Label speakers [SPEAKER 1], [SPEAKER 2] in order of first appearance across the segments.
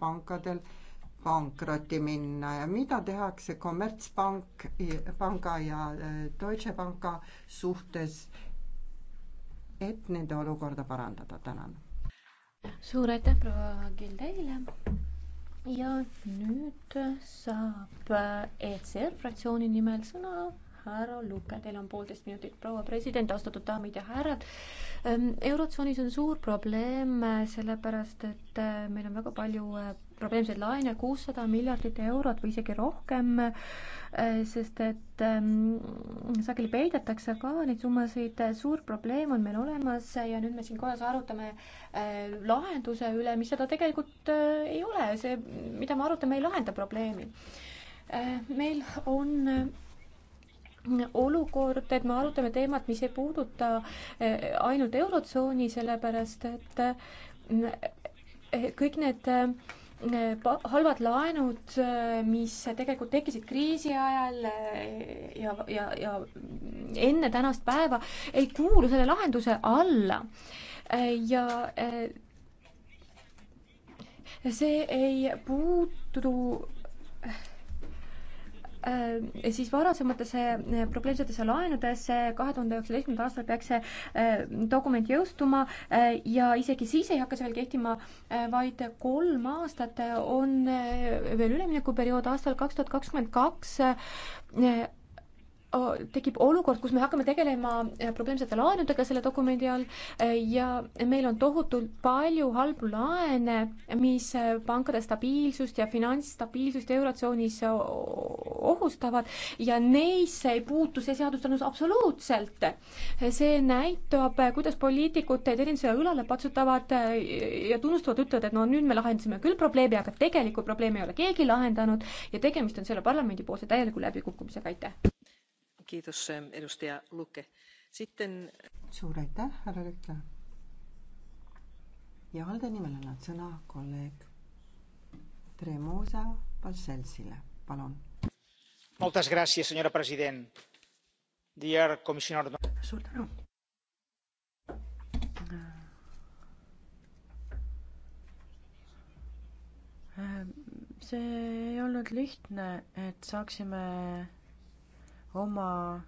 [SPEAKER 1] pankadel pankrotti minna ja mida tehakse kommertspank, panga ja eh, Deutsche Panka suhtes, et nende olukorda parandada, tänan.
[SPEAKER 2] suur aitäh, proua Kill teile. ja nüüd saab ECR eh, e fraktsiooni nimel sõna härra Luke, teil on poolteist minutit. proua president, austatud daamid ja härrad, ähm, Eurotsoonis on suur probleem, äh, sellepärast et äh, meil on väga palju äh, probleemseid laene, kuussada miljardit eurot või isegi rohkem, sest et ähm, sageli peidetakse ka neid summasid, suur probleem on meil olemas ja nüüd me siin kojas arutame lahenduse üle, mis seda tegelikult ei ole, see, mida me arutame, ei lahenda probleemi. meil on olukord, et me arutame teemat, mis ei puuduta eh, ainult Eurotsooni, sellepärast et eh, kõik need eh, halvad laenud, mis tegelikult tekkisid kriisi ajal ja, ja, ja enne tänast päeva, ei kuulu selle lahenduse alla. ja see ei puutu Äh, siis varasematesse äh, probleemsetesse laenudesse kahe tuhande üheksateistkümnendal aastal peaks see äh, dokument jõustuma ja isegi siis ei hakka see veel kehtima, vaid kolm aastat on veel üleminekuperiood, aastal kaks tuhat kakskümmend kaks tekib olukord, kus me hakkame tegelema eh, probleemsete laenudega selle dokumendi all eh, ja meil on tohutult palju halbu laene, mis eh, pankade stabiilsust ja finantsstabiilsust Eurotsoonis ohustavad ja neisse ei puutu see seadusandlus absoluutselt. see näitab, kuidas poliitikud teid erinevatele õlale patsutavad ja tunnustavad, ütlevad, et no nüüd me lahendasime küll probleemi, aga tegelikku probleemi ei ole keegi lahendanud ja tegemist on selle parlamendipoolse täieliku läbikukkumisega, aitäh! Eh, Sitten... suur
[SPEAKER 1] aitäh, härra Lükke. ja Alde nimel annan sõna kolleeg Tremosa Balcelsile, palun.
[SPEAKER 3] suur tänu.
[SPEAKER 4] Äh, see ei olnud lihtne, et saaksime oma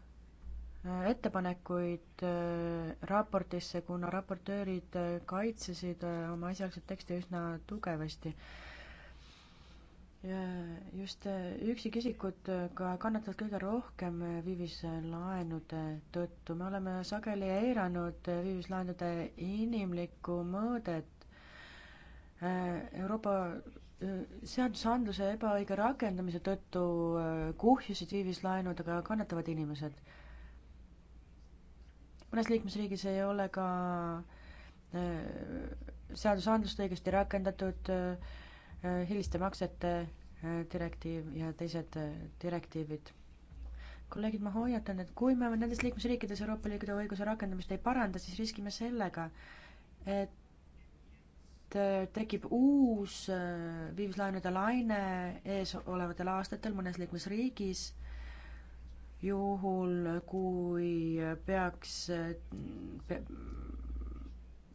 [SPEAKER 4] äh, ettepanekuid äh, raportisse, kuna raportöörid äh, kaitsesid oma esialgset teksti üsna tugevasti. just üksikisikud ka kannatavad kõige rohkem viivislaenude tõttu. me oleme sageli eiranud viivislaenude inimlikku mõõdet. Euroopa seadusandluse ebaõige rakendamise tõttu äh, kuhjusid viivislaenudega kannatavad inimesed. mõnes liikmesriigis ei ole ka äh, seadusandlust õigesti rakendatud, äh, hiliste maksete direktiiv ja teised direktiivid. kolleegid, ma hoiatan, et kui me nendes liikmesriikides Euroopa Liidu õiguse rakendamist ei paranda, siis riskime sellega, et et äh, tekib uus äh, viivislaenude laine eesolevatel aastatel mõnes liikmesriigis, juhul kui peaks äh, pe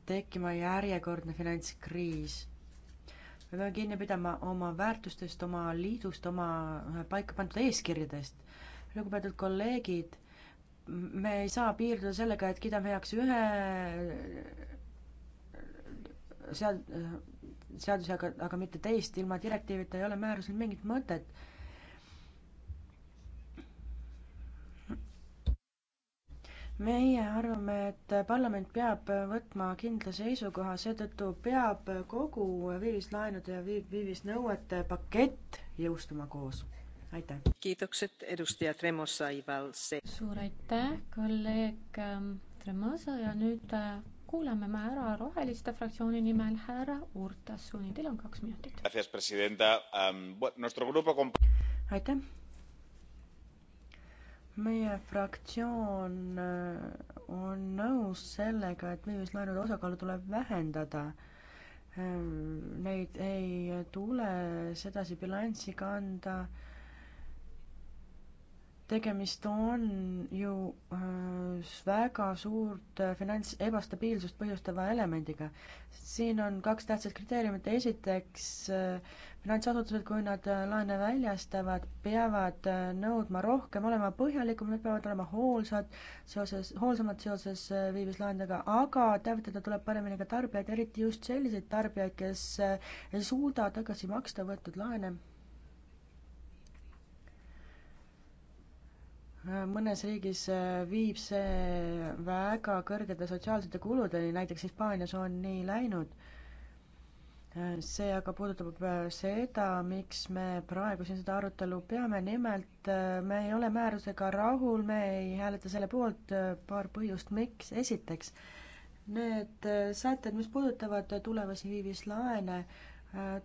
[SPEAKER 4] tekkima järjekordne finantskriis me peame kinni pidama oma väärtustest, oma liidust, oma paika pandud eeskirjadest. lugupeetud kolleegid, me ei saa piirduda sellega, et kiidame heaks ühe seal, seadusega, aga mitte teist, ilma direktiivita ei ole määrusel mingit mõtet. meie arvame, et parlament peab võtma kindla seisukoha, seetõttu peab kogu viivislaenude ja viivisnõuete pakett jõustuma koos. aitäh!
[SPEAKER 3] kiitokset, edustaja Tremosaival. suur
[SPEAKER 2] aitäh, kolleeg ähm, Tremosa ja nüüd äh, kuulame me ära Roheliste fraktsiooni nimel härra Urtasuni, teil on kaks minutit. aitäh.
[SPEAKER 4] meie fraktsioon äh, on nõus sellega, et müümislaenude osakaalu tuleb vähendada ähm, neid ei tule sedasi bilanssi kanda tegemist on ju äh, väga suurt äh, finants ebastabiilsust põhjustava elemendiga. siin on kaks tähtsat kriteeriumit, esiteks äh, finantsasutused, kui nad laene väljastavad, peavad nõudma rohkem, olema põhjalikumad, nad peavad olema hoolsad seoses, hoolsamad seoses viivislaenudega, aga teavitada tuleb paremini ka tarbijaid, eriti just selliseid tarbijaid, kes ei suuda tagasi maksta võetud laene mõnes riigis äh, viib see väga kõrgete sotsiaalsete kuludeni, näiteks Hispaanias on nii läinud. Äh, see aga puudutab äh, seda, miks me praegu siin seda arutelu peame, nimelt me ei ole määrusega rahul, me ei hääleta selle poolt, paar põhjust, miks, esiteks, need sätted, mis puudutavad tulevasi viivislaene,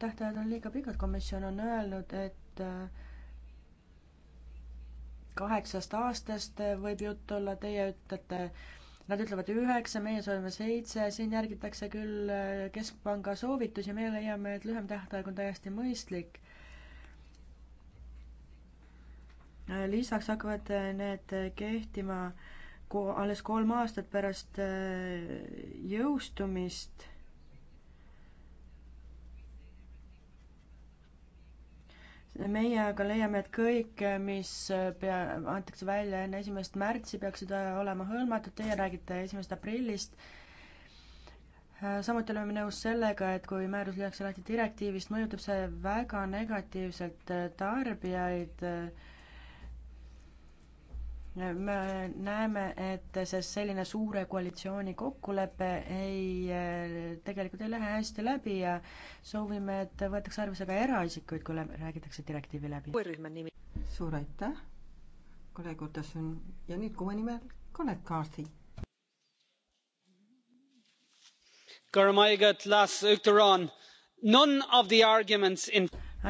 [SPEAKER 4] tähtajad on liiga pikad, komisjon on öelnud, et äh, kaheksast aastast eh, võib jutt olla, teie ütlete, Nad ütlevad üheksa, meie soovime seitse, siin järgitakse küll eh, Keskpanga soovitusi, meie leiame, et lühem tähtaeg on täiesti mõistlik. Eh, lisaks hakkavad need kehtima alles kolm aastat pärast jõustumist meie aga leiame, et kõik, mis pea, antakse välja enne esimest märtsi, peaksid äh, olema hõlmatud, teie räägite esimesest aprillist. Äh, samuti oleme nõus sellega, et kui määrus lüüakse lahti direktiivist, mõjutab see väga negatiivselt äh, tarbijaid me näeme, et see selline suure koalitsiooni kokkulepe ei, tegelikult ei lähe hästi läbi ja soovime, et võetakse arvesse ka eraisikuid, kui räägitakse direktiivi läbi. suur aitäh,
[SPEAKER 1] kolleeg Urtasun ja nüüd kuue nimel kolleeg Kaarsi.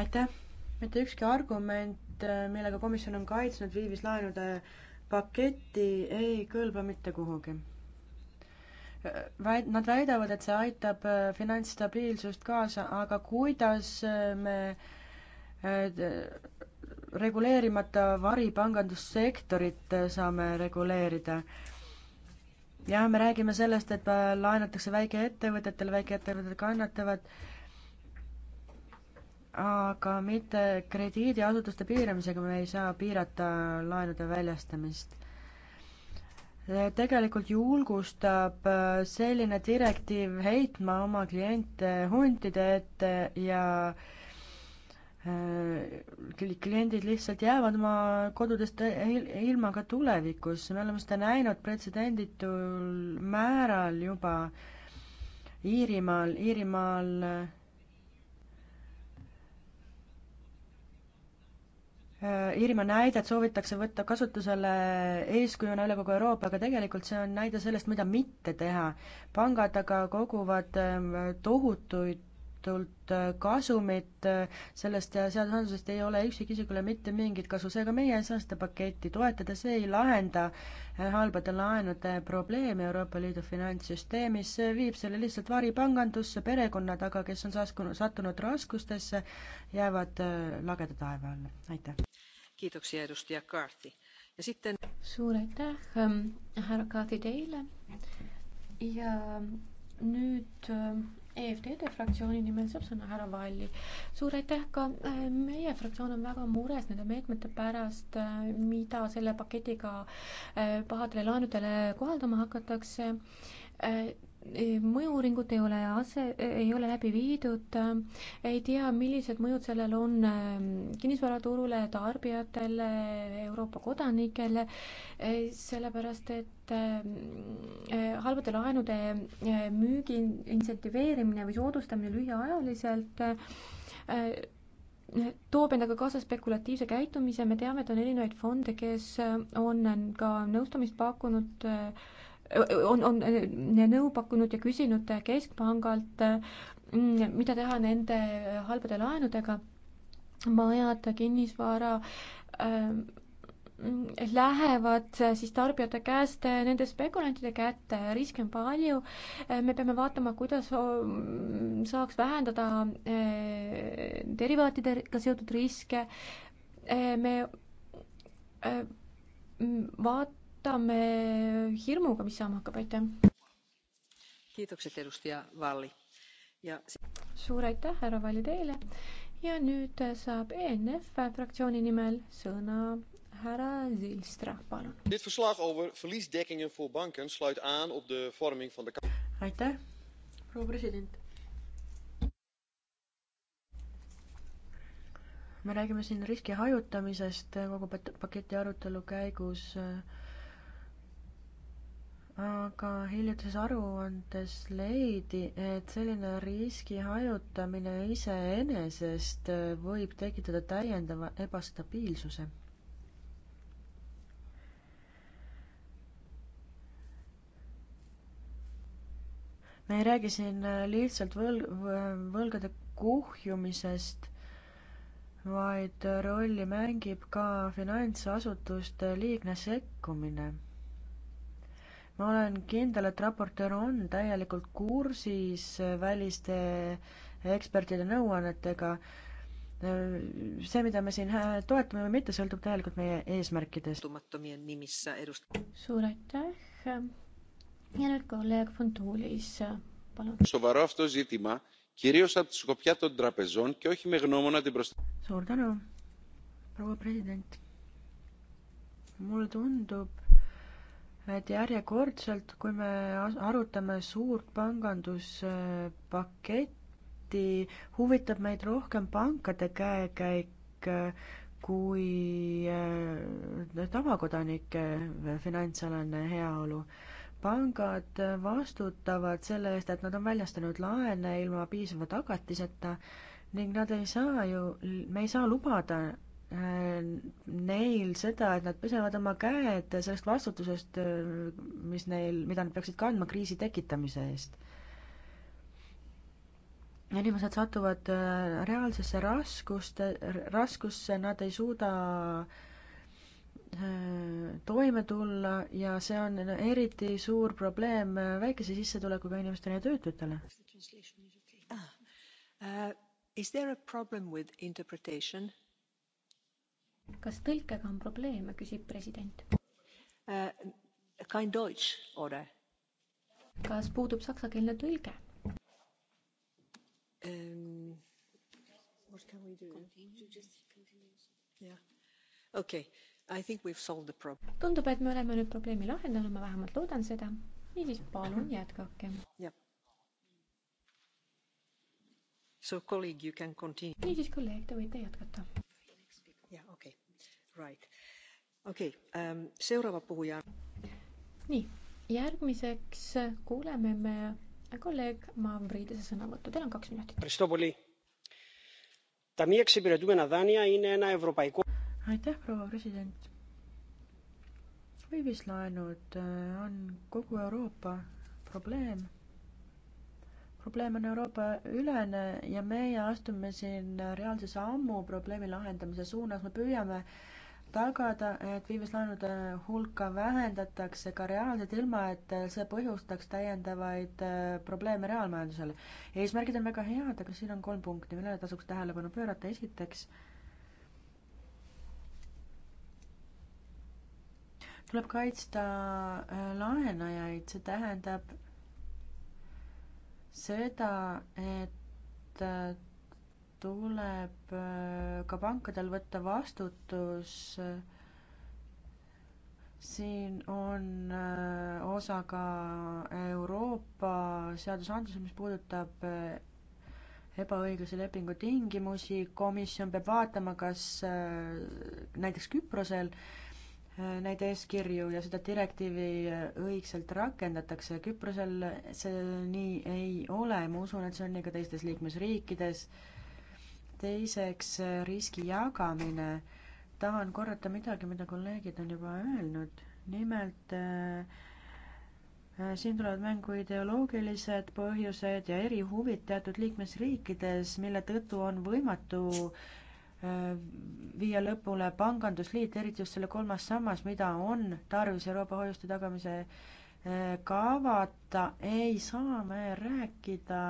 [SPEAKER 4] aitäh, mitte ükski argument, millega komisjon on kaitsnud viivislaenude paketi ei kõlba mitte kuhugi väid-, nad väidavad, et see aitab äh, finantsstabiilsust kaasa, aga kuidas äh, me äh, reguleerimata varipangandussektorit saame reguleerida? jah, me räägime sellest, et laenatakse väikeettevõtetele, väikeettevõtted kannatavad, aga mitte krediidiasutuste piiramisega me ei saa piirata laenude väljastamist. tegelikult julgustab äh, selline direktiiv heitma oma kliente huntide ette ja äh, kliendid lihtsalt jäävad oma kodudest ilma ka tulevikus, me oleme seda näinud pretsedenditul määral juba Iirimaal, Iirimaal äh, Äh, Iirimaa näidet soovitakse võtta kasutusele eeskujuna üle kogu Euroopa, aga tegelikult see on näide sellest, mida mitte teha. pangad aga koguvad ähm, tohutuid lõputult äh, kasumit äh, sellest seadusandlusest ei ole üksikisikule mitte mingit kasu, seega meie säästepaketti toetades ei lahenda äh, halbade laenude probleemi Euroopa Liidu finantssüsteemis, see viib selle lihtsalt varipangandusse, perekonnad aga, kes on saskunud, sattunud raskustesse, jäävad lageda taeva alla, aitäh.
[SPEAKER 3] kiitoksia, edustaja Kaarti.
[SPEAKER 4] ja
[SPEAKER 2] sitten suur aitäh, ähm, härra Kaarti teile ja nüüd ähm, EFTD fraktsiooni nimel saab sõna härra Valli. suur aitäh ka, äh, meie fraktsioon on väga mures nende meetmete pärast, äh, mida selle paketiga äh, pahadele laenudele kohaldama hakatakse mõju-uuringut ei ole ase, ei ole läbi viidud, ei tea, millised mõjud sellel on ehm, kinnisvaraturule, tarbijatele, Euroopa kodanikele, sellepärast et ehm, eh, halbade laenude eh, müügi insentiveerimine või soodustamine lühiajaliselt eh, toob endaga kaasa spekulatiivse käitumise, me teame, et on erinevaid fonde, kes on ka nõustamist pakkunud äh, on, on äh, nõu pakkunud ja küsinud keskpangalt, äh, mida teha nende halbade laenudega, majad, kinnisvara äh, lähevad siis tarbijate käest nende spekulantide kätte, riske on palju, me peame vaatama, kuidas saaks vähendada derivaatidega seotud riske, me vaat-, ootame hirmuga, mis saama hakkab, aitäh. suur aitäh, härra Valli teile ja nüüd saab ENF fraktsiooni nimel sõna härra Zilstra, palun.
[SPEAKER 4] aitäh, proua president. me räägime siin riski hajutamisest kogu paketi arutelu käigus aga hiljutises aruandes leidi, et selline riski hajutamine iseenesest võib tekitada täiendava ebastabiilsuse. me ei räägi siin lihtsalt võlg, võlgade kuhjumisest, vaid rolli mängib ka finantsasutuste liigne sekkumine ma olen kindel, et raportöör on täielikult kursis väliste ekspertide nõuannetega. see, mida me siin toetame või mitte, sõltub täielikult meie eesmärkidest.
[SPEAKER 2] suur aitäh. ja nüüd kolleeg Funtulis, palun.
[SPEAKER 4] suur tänu, proua president. mulle tundub et järjekordselt, kui me arutame suurt panganduspaketti, huvitab meid rohkem pankade käekäik kui äh, noh, tavakodanike finantsalane heaolu. pangad vastutavad selle eest, et nad on väljastanud laene ilma piisava tagatiseta ning nad ei saa ju, me ei saa lubada Äh, neil seda, et nad pesevad oma käed sellest vastutusest, äh, mis neil, mida nad peaksid kandma kriisi tekitamise eest. inimesed satuvad äh, reaalsesse raskuste, raskusse, nad ei suuda toime tulla ja see on eriti suur probleem väikese sissetulekuga
[SPEAKER 2] inimestele ja töötutele. Ah,
[SPEAKER 3] uh, is there a problem with
[SPEAKER 2] interpretation? kas tõlkega on probleeme, küsib president uh,. Kein Deutsch, oder? kas puudub saksakeelne tõlge
[SPEAKER 3] um,? Ähm, What can we do? Continue, just continue. Yeah. Okay, I think we've solved the problem.
[SPEAKER 2] tundub, et me oleme nüüd probleemi lahendanud, ma vähemalt loodan seda. niisiis, palun jätkake.
[SPEAKER 3] jah. So colleague, you can continue. niisiis,
[SPEAKER 2] kolleeg, te võite jätkata jah, okei okay.,
[SPEAKER 3] right. okei okay, um,, seuraava puhuja.
[SPEAKER 2] nii, järgmiseks kuuleme me kolleeg Mavridise sõnavõttu, teil on kaks minutit. aitäh, proua president.
[SPEAKER 4] hõivislaenud äh, on kogu Euroopa probleem probleem on Euroopa ülene ja meie astume siin reaalse sammu probleemi lahendamise suunas, me püüame tagada, et viivislaenude hulka vähendatakse ka reaalselt, ilma et see põhjustaks täiendavaid äh, probleeme reaalmajandusele. eesmärgid on väga head, aga siin on kolm punkti, millele tasuks tähelepanu pöörata. esiteks tuleb kaitsta äh, laenajaid, see tähendab, seda, et äh, tuleb äh, ka pankadel võtta vastutus. siin on äh, osa ka Euroopa seadusandlus, mis puudutab ebaõiglase lepingu tingimusi, komisjon peab vaatama, kas näiteks Küprosel äh, neid eeskirju ja seda direktiivi õigselt rakendatakse. Küprosel see nii ei ole, ma usun, et see on nii ka teistes liikmesriikides. teiseks, riski jagamine. tahan korrata midagi, mida kolleegid on juba öelnud, nimelt äh, siin tulevad mängu ideoloogilised põhjused ja erihuvid teatud liikmesriikides, mille tõttu on võimatu viia lõpule pangandusliit, eriti just selle kolmas sammas, mida on tarvis Euroopa hoiuste tagamise eh, kavata, ei saa me rääkida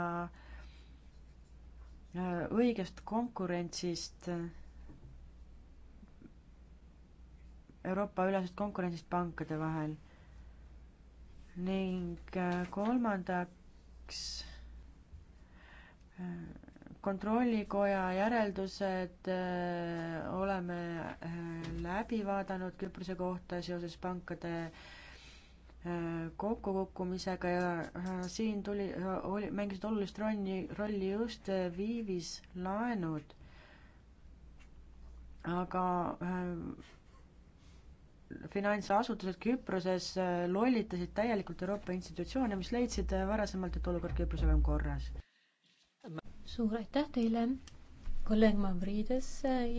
[SPEAKER 4] eh, õigest konkurentsist, Euroopa-ülesest konkurentsist pankade vahel. ning eh, kolmandaks kontrollikoja järeldused äh, oleme äh, läbi vaadanud Küprose kohta seoses pankade äh, kokkukukkumisega ja siin tuli, oli, mängisid olulist rolli, rolli just viivislaenud. aga finantsasutused Küproses lollitasid täielikult Euroopa institutsioone, mis leidsid varasemalt, et olukord Küprosega on korras
[SPEAKER 2] suur aitäh teile, kolleeg Mavrides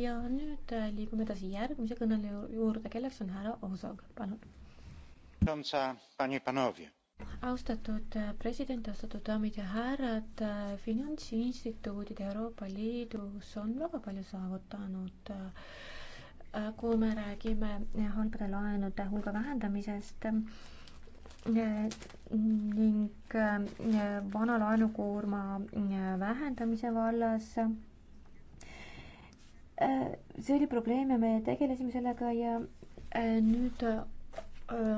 [SPEAKER 2] ja nüüd äh, liigume edasi järgmise kõneleja juurde, kelleks on härra Ozog, palun. austatud äh, president, austatud daamid ja härrad, äh, finantsinstituudid Euroopa Liidus on väga palju saavutanud kui me räägime halbade laenude hulga vähendamisest ning äh, vana laenukoorma äh, vähendamise vallas. Äh, see oli probleem ja me tegelesime sellega ja nüüd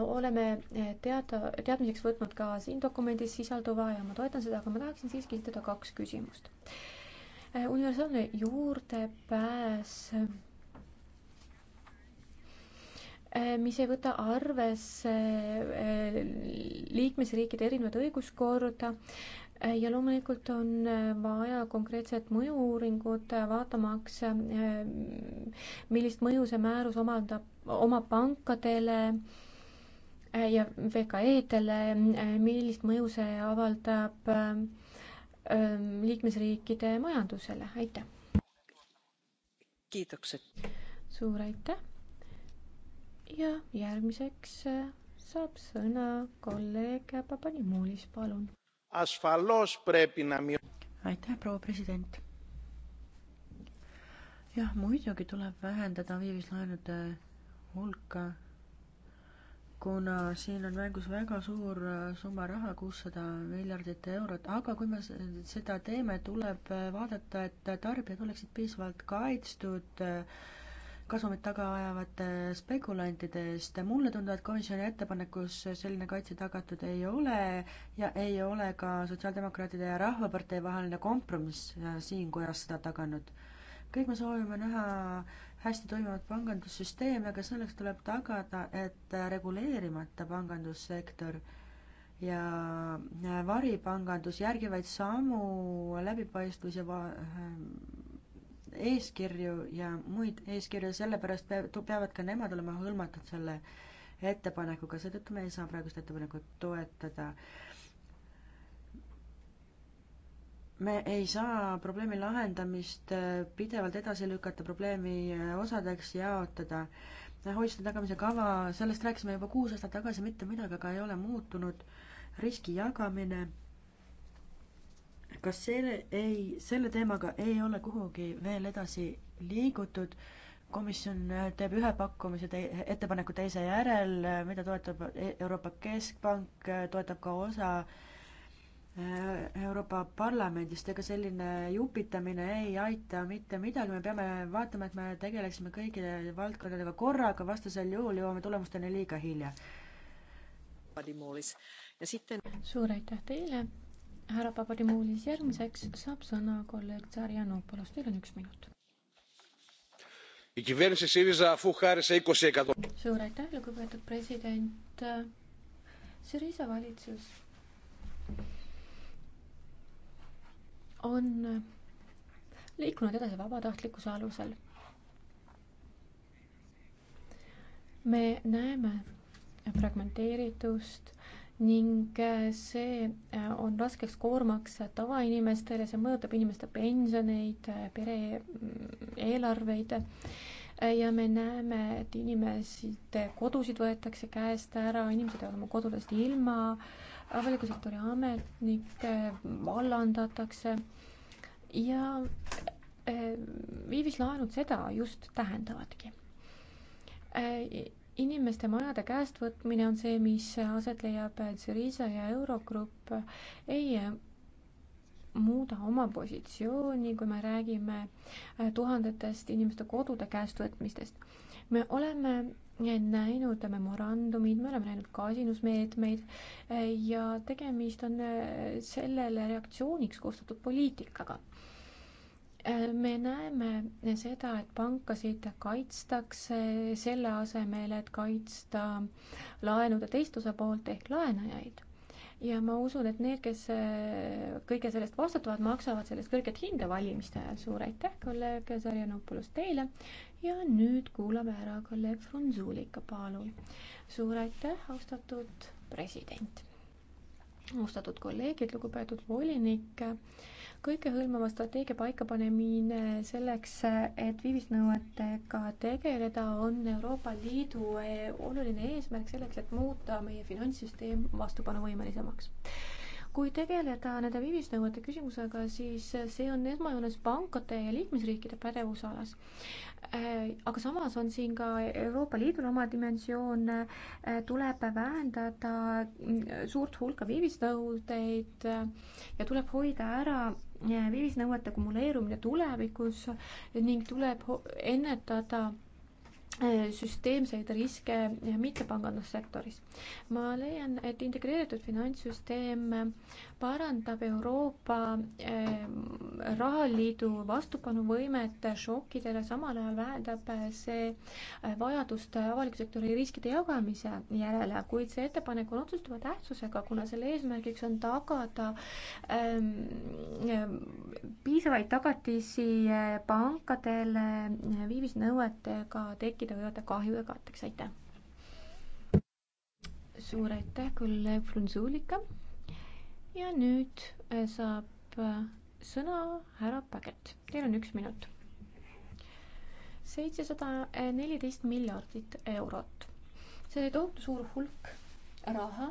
[SPEAKER 2] oleme teada, teadmiseks võtnud ka siin dokumendis sisalduva ja ma toetan seda, aga ma tahaksin siiski esitada kaks küsimust. universaalne juurdepääs Eh, mis ei võta arvesse eh, liikmesriikide erinevat õiguskorda eh, ja loomulikult on vaja konkreetset mõju-uuringut, vaatamaks, millist mõju see määrus omandab, omab pankadele ja VKE-dele, millist mõju see avaldab liikmesriikide majandusele, aitäh! suur aitäh! ja järgmiseks eh, saab sõna kolleeg Papadimoulis, palun. aitäh, proua president.
[SPEAKER 4] jah, muidugi tuleb vähendada viivislaenude hulka, kuna siin on mängus väga suur eh, summa raha, kuussada miljardit eurot, aga kui me seda teeme, tuleb eh, vaadata, et tarbijad oleksid piisavalt kaitstud äh, kasumit taga ajavate spekulantide eest. mulle tundub, et komisjoni ettepanekus selline kaitse tagatud ei ole ja ei ole ka Sotsiaaldemokraatide ja Rahvapartei vaheline kompromiss äh, siin kojas seda taganud. kõik me soovime näha hästi toimivat pangandussüsteemi, aga selleks tuleb tagada, et reguleerimata pangandussektor ja äh, varipangandus järgivaid samu läbipaistvus ja va-, äh, eeskirju ja muid eeskirju, sellepärast peavad ka nemad olema hõlmatud selle ettepanekuga, seetõttu me ei saa praegust ettepanekut toetada. me ei saa probleemi lahendamist äh, pidevalt edasi lükata, probleemi äh, osadeks jaotada. Äh, hoiuste tagamise kava, sellest rääkisime juba kuus aastat tagasi, mitte midagi aga ei ole muutunud. riski jagamine kas selle ei, selle teemaga ei ole kuhugi veel edasi liigutud? komisjon äh, teeb ühe pakkumise te-, ettepaneku teise järel, äh, mida toetab e-, Euroopa Keskpank, äh, toetab ka osa Euroopa Parlamendist, ega selline jupitamine ei aita mitte midagi, me peame vaatama, et me tegeleksime kõikide valdkondadega korraga, vastasel juhul jõuame tulemusteni liiga hilja.
[SPEAKER 2] suur aitäh teile härra Papadimoulis, järgmiseks saab sõna kolleeg Tsarjanopoulos, teil on üks minut. suur aitäh, lugupeetud president. Syriza valitsus on liikunud edasi vabatahtlikkuse alusel. me näeme fragmenteeritust ning äh, see äh, on raskeks koormaks tavainimestele, see mõjutab inimeste pensioneid, äh, pere mm, eelarveid ja me näeme, et inimesed, kodusid võetakse käest ära, inimesed jäävad oma kodudest ilma, avaliku sektori ametnikke vallandatakse ja viivislaenud seda just tähendavadki inimeste majade käest võtmine on see, mis aset leiab Syriza ja Eurogrupp ei muuda oma positsiooni, kui me räägime äh, tuhandetest inimeste kodude käest võtmistest. me oleme näinud memorandumid, me oleme näinud kasinusmeetmeid äh, ja tegemist on äh, sellele reaktsiooniks koostatud poliitikaga me näeme seda, et pankasid kaitstakse selle asemel, et kaitsta laenude teist osapoolt ehk laenajaid. ja ma usun, et need, kes äh, kõige sellest vastutavad, maksavad sellest kõrget hinda valimiste ajal. suur aitäh, kolleeg Sarjanopoulos teile. ja nüüd kuulame ära kolleeg Frunzulika, palun. suur aitäh, austatud president. austatud kolleegid, lugupeetud volinik kõikehõlmava strateegia paikapanemine selleks, et viivisnõuetega tegeleda, on Euroopa Liidu eh, oluline eesmärk selleks, et muuta meie finantssüsteem vastupanuvõimelisemaks kui tegeleda nende viivisnõuete küsimusega, siis see on esmajoones pankade ja liikmesriikide pädevusalas. Eh, aga samas on siin ka Euroopa Liidul oma dimensioon, eh, tuleb vähendada mm, suurt hulka viivisnõudeid ja tuleb hoida ära viivisnõuete kumuleerumine tulevikus ning tuleb ennetada äh, süsteemseid riske mittepangandussektoris. ma leian, et integreeritud finantssüsteem parandab Euroopa eh, rahaliidu vastupanuvõimet šokkidele, samal ajal vähendab see eh, vajadust avaliku sektori riskide jagamise järele, kuid see ettepanek on otsustava tähtsusega, kuna selle eesmärgiks on tagada ähm, piisavaid tagatisi eh, pankadele viivisnõuetega tekkida võivate kahjude katteks, aitäh! suur aitäh, kolleeg Frunzulika! ja nüüd äh, saab äh, sõna härra Paget, teil on üks minut. seitsesada neliteist miljardit eurot, see tohutu suur hulk raha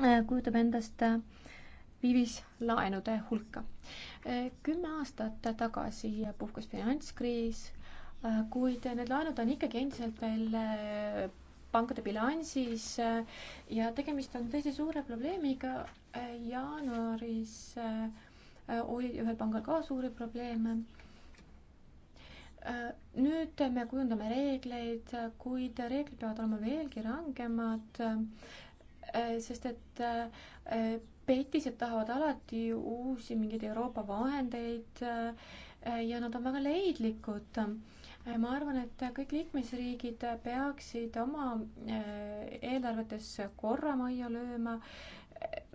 [SPEAKER 2] äh, kujutab endast viivislaenude hulka. kümme aastat tagasi puhkes finantskriis, kuid need laenud on ikkagi endiselt veel pankade bilansis äh, ja tegemist on tõesti suure probleemiga. Äh, jaanuaris äh, oli ühel pangal ka suuri probleeme nüüd me kujundame reegleid, kuid reeglid peavad olema veelgi rangemad, sest et petised tahavad alati uusi mingeid Euroopa vahendeid ja nad on väga leidlikud. ma arvan, et kõik liikmesriigid peaksid oma eh, eelarvetes korra majja lööma.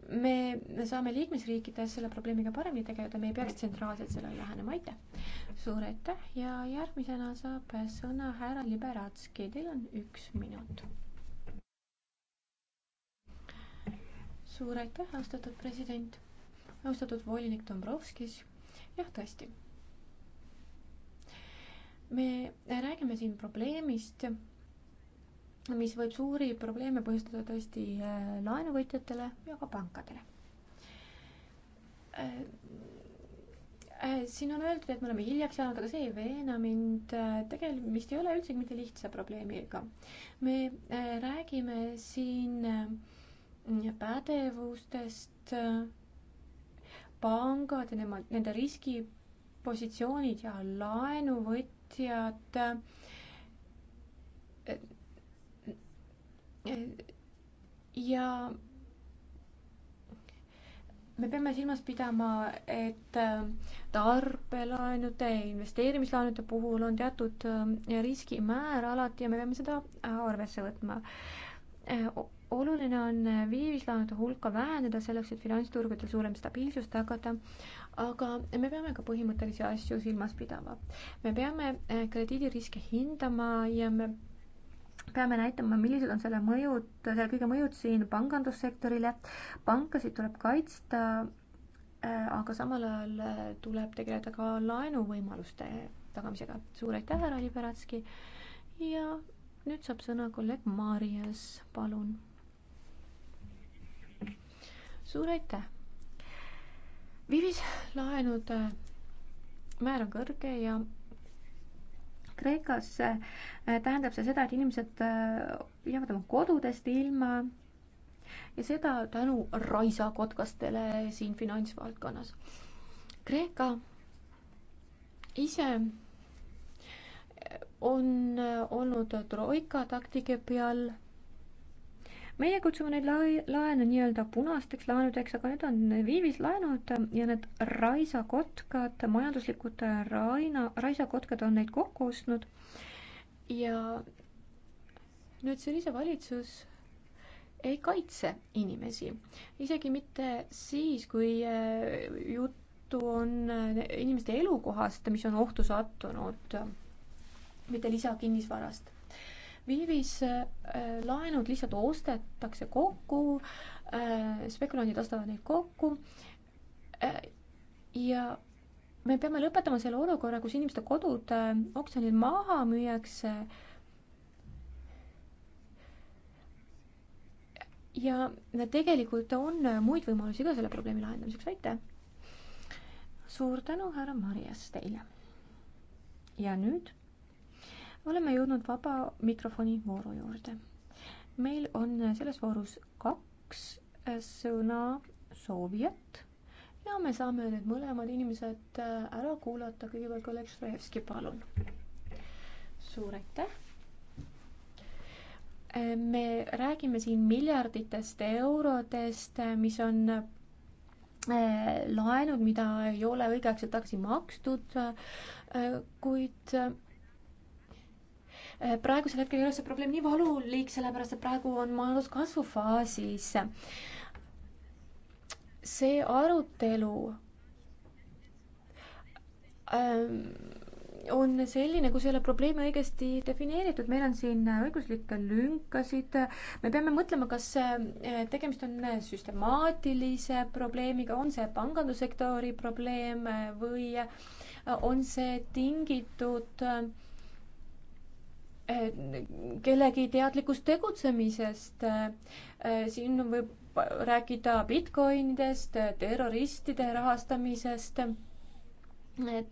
[SPEAKER 2] me, me saame liikmesriikides selle probleemiga paremini tegeleda, me ei peaks tsentraalselt sellele lähenema, aitäh. suur aitäh ja järgmisena saab sõna härra Liberatski, teil on üks minut. suur aitäh, austatud president, austatud volinik Dombrovskis jah, tõesti me räägime siin probleemist, mis võib suuri probleeme põhjustada tõesti äh, laenuvõtjatele ja ka pankadele. Äh, äh, siin on öeldud, et me oleme hiljaks jäänud, aga see ei veena mind. tegemist ei ole üldsegi mitte lihtsa probleemiga. me räägime siin pädevustest, pangad ja nemad, nende riskipositsioonid ja laenuvõtjad tootjad ja me peame silmas pidama, et tarbelaenude, investeerimislaenude puhul on teatud äh, riskimäär alati ja me peame seda äh, arvesse võtma. Äh, oluline on viivislaenude hulka vähendada selleks, et finantsturgudel suurem stabiilsus tagada, aga me peame ka põhimõttelisi asju silmas pidama. me peame eh, krediidiriske hindama ja me peame näitama, millised on selle mõjud, selle kõige mõjud siin pangandussektorile. pankasid tuleb kaitsta, eh, aga samal ajal eh, tuleb tegeleda ka laenuvõimaluste tagamisega. suur aitäh, härra Liberatski. ja nüüd saab sõna kolleeg Marias, palun. suur aitäh viivislaenude määr on kõrge ja Kreekas äh, tähendab see seda, et inimesed äh, jäävad oma kodudest ilma ja seda tänu raisakotkastele siin finantsvaldkonnas. Kreeka ise on äh, olnud troika taktike peal meie kutsume neid lai-, laene nii-öelda punasteks laenudeks, aga need on viivislaenud ja need raisakotkad, majanduslikud raina, raisakotkad on neid kokku ostnud ja nüüd Syriza valitsus ei kaitse inimesi, isegi mitte siis, kui eh, juttu on eh, inimeste elukohast, mis on ohtu sattunud, mitte lisakinnisvarast viivis äh, laenud lihtsalt ostetakse kokku, äh, spekulandid ostavad neid kokku äh, ja me peame lõpetama selle olukorra, kus inimeste kodud oksjonil maha müüakse. ja tegelikult on muid võimalusi ka selle probleemi lahendamiseks, aitäh. suur tänu, härra Marjas, teile. ja nüüd oleme jõudnud vaba mikrofoni vooru juurde. meil on selles voorus kaks äh, sõna soovijat ja me saame need mõlemad inimesed äh, ära kuulata. kõigepealt kolleeg Šrajevski, palun. suur aitäh äh, me räägime siin miljarditest eurodest, mis on laenud, mida ei ole õigeaegselt tagasi makstud, kuid Äh, praegusel hetkel ei ole see probleem nii valulik, sellepärast et praegu on majandus kasvufaasis. see arutelu ähm, on selline, kus ei ole probleemi õigesti defineeritud, meil on siin õiguslikke lünkasid, me peame mõtlema, kas äh, tegemist on äh, süstemaatilise probleemiga, on see pangandussektori probleem või on see tingitud äh, kellegi teadlikust tegutsemisest. siin võib rääkida Bitcoinidest, terroristide rahastamisest.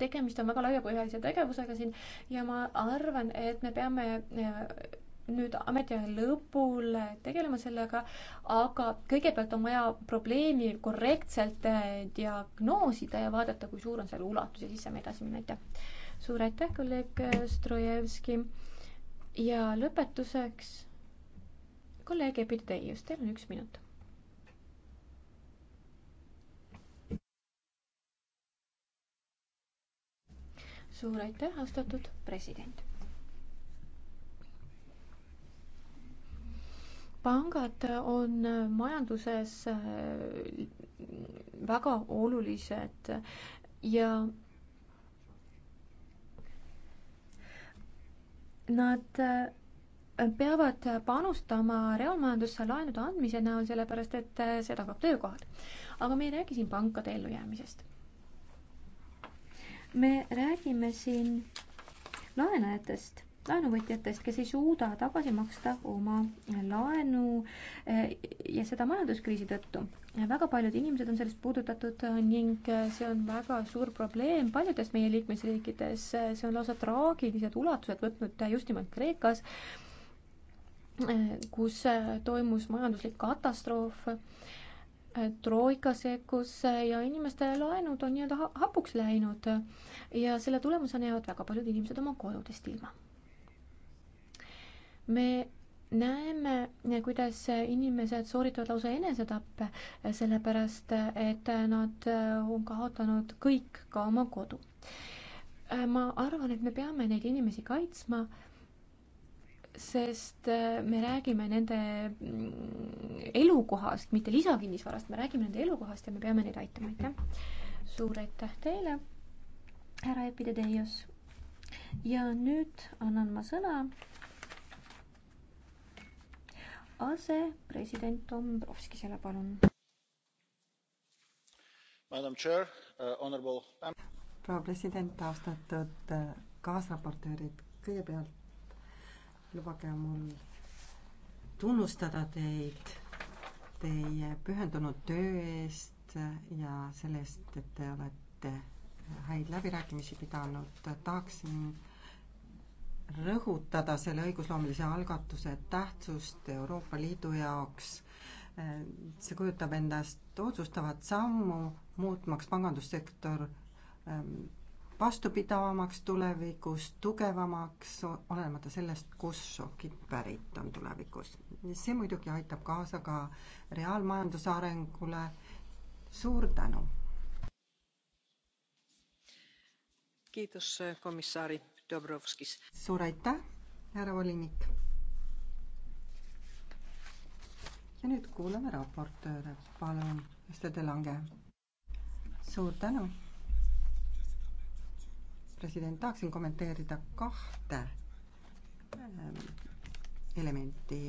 [SPEAKER 2] tegemist on väga laiapõhjalise tegevusega siin ja ma arvan, et me peame eh, nüüd ametiaja lõpul tegelema sellega, aga kõigepealt on vaja probleemi korrektselt eh, diagnoosida ja vaadata, kui suur on selle ulatus ja siis saame edasi minna, aitäh. suur aitäh, kolleeg Strojevski ja lõpetuseks kolleeg Epiteius, teil on üks minut. suur aitäh, austatud president. pangad on majanduses äh, väga olulised ja Nad äh, peavad panustama reaalmajandusse laenude andmise näol, sellepärast et äh, see tagab töökohad. aga me ei räägi siin pankade ellujäämisest. me räägime siin laenajatest laenuvõtjatest, kes ei suuda tagasi maksta oma laenu eh, ja seda majanduskriisi tõttu. väga paljud inimesed on sellest puudutatud eh, ning eh, see on väga suur probleem paljudes meie liikmesriikides, see on lausa traagilised ulatused võtnud just nimelt Kreekas, kus toimus majanduslik katastroof troika sekkus ja inimeste laenud on nii-öelda hapuks läinud ja selle tulemusena jäävad väga paljud inimesed oma kodudest ilma me näeme, kuidas inimesed sooritavad lausa enesetappe, sellepärast et nad on kaotanud kõik, ka oma kodu. ma arvan, et me peame neid inimesi kaitsma, sest me räägime nende elukohast, mitte lisakinnisvarast, me räägime nende elukohast ja me peame neid aitama, aitäh. suur aitäh teile, härra Epideteios. ja nüüd annan ma sõna asepresident Dombrovskisele, palun.
[SPEAKER 3] Uh,
[SPEAKER 1] proua president, austatud uh, kaasraportöörid, kõigepealt lubage mul tunnustada teid teie pühendunud töö eest ja selle eest, et te olete häid läbirääkimisi pidanud. tahaksin rõhutada selle õigusloomelise algatuse tähtsust Euroopa Liidu jaoks. see kujutab endast otsustavat sammu, muutmaks pangandussektor ähm, vastupidavamaks tulevikus, tugevamaks, olenemata sellest, kus šokid pärit on tulevikus. see muidugi aitab kaasa ka reaalmajanduse arengule. suur tänu!
[SPEAKER 3] kiitos komissaari Dobrovskis.
[SPEAKER 1] suur aitäh, härra volinik. ja nüüd kuulame raportööre, palun, Ester De Lange. suur tänu. president, tahaksin kommenteerida kahte ähm, elementi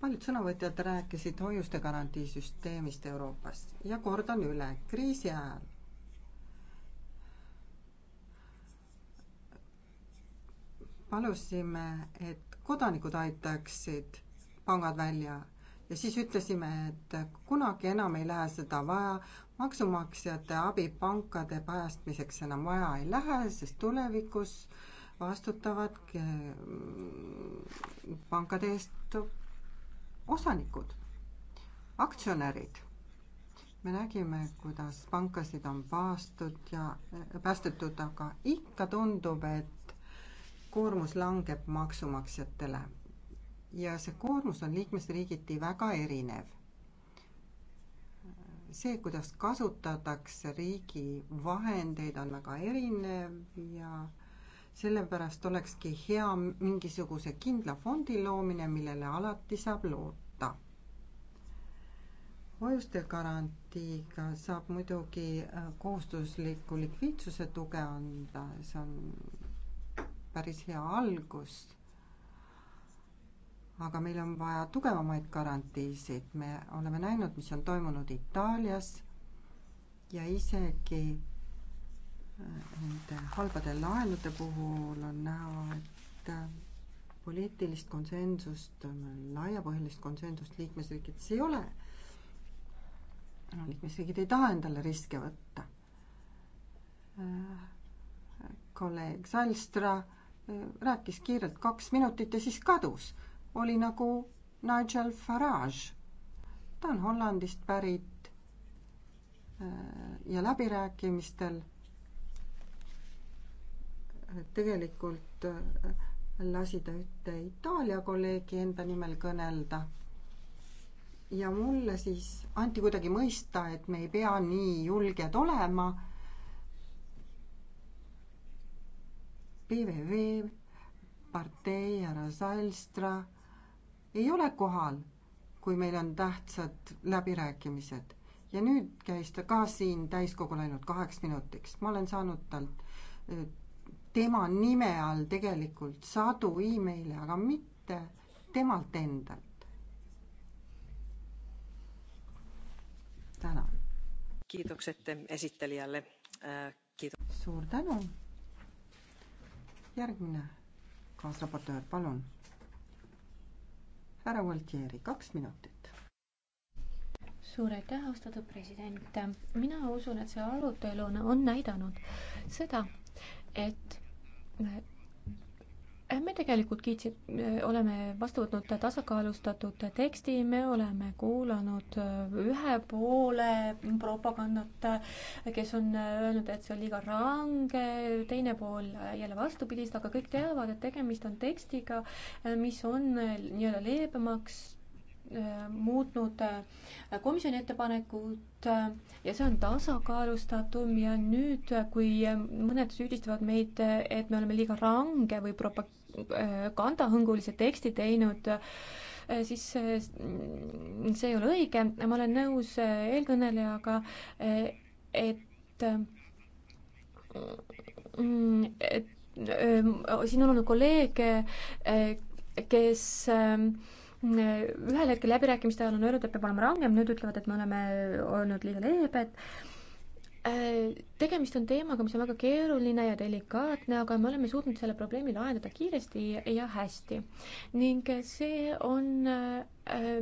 [SPEAKER 1] paljud sõnavõtjad rääkisid hoiuste garantiisüsteemist Euroopas ja kordan üle, kriisi ajal palusime, et kodanikud aitaksid pangad välja ja siis ütlesime, et kunagi enam ei lähe seda vaja, maksumaksjate abi pankade päästmiseks enam vaja ei lähe, sest tulevikus vastutavad mm, pankade eest osanikud, aktsionärid. me nägime, kuidas pankasid on paastud ja päästetud, aga ikka tundub, et koormus langeb maksumaksjatele ja see koormus on liikmesriigiti väga erinev. see, kuidas kasutatakse riigi vahendeid, on väga erinev ja sellepärast olekski hea mingisuguse kindla fondi loomine, millele alati saab loota. hoiuste garantiiga saab muidugi äh, kohustusliku likviidsuse tuge anda, see on päris hea algus. aga meil on vaja tugevamaid garantiisid, me oleme näinud, mis on toimunud Itaalias ja isegi äh, nende halbade laenude puhul on näha, et äh, poliitilist konsensust, äh, laiapõhjalist konsensust liikmesriikides ei ole. liikmesriigid ei taha endale riske võtta. kolleeg Salstra rääkis kiirelt kaks minutit ja siis kadus. oli nagu Nigel Farage. ta on Hollandist pärit äh, ja läbirääkimistel äh, tegelikult äh, lasi ta ühte Itaalia kolleegi enda nimel kõnelda. ja mulle siis anti kuidagi mõista, et me ei pea nii julged olema PVV, partei härra Salstra ei ole kohal, kui meil on tähtsad läbirääkimised. ja nüüd käis ta ka siin täiskogul ainult kaheks minutiks. ma olen saanud talt eh, tema nime all tegelikult sadu emaile, aga mitte temalt endalt. tänan.
[SPEAKER 3] kiitokset esitlejale. Äh, suur
[SPEAKER 1] tänu järgmine kaasraportöör, palun. härra Valtieri, kaks minutit.
[SPEAKER 2] suur aitäh, austatud president. mina usun, et see arutelu on näidanud seda, et me tegelikult kiitsi-, äh, oleme vastu võtnud tasakaalustatud teksti, me oleme kuulanud äh, ühe poole propagandat, kes on äh, öelnud, et see on liiga range, teine pool jälle vastupidist, aga kõik teavad, et tegemist on tekstiga, mis on nii-öelda leebemaks muutnud äh, komisjoni ettepanekut äh, ja see on tasakaalustatum ja nüüd, äh, kui mõned süüdistavad meid, et me oleme liiga range või propagandahõngulise teksti teinud, siis mm, see ei ole õige, ma olen nõus eelkõnelejaga, et mm, et siin on olnud kolleege, kes äh, ühel hetkel läbirääkimiste ajal on öeldud, et peab olema rangem, nüüd ütlevad, et me oleme olnud liiga leebed. Äh, tegemist on teemaga, mis on väga keeruline ja delikaatne, aga me oleme suutnud selle probleemi lahendada kiiresti ja hästi. ning see on äh,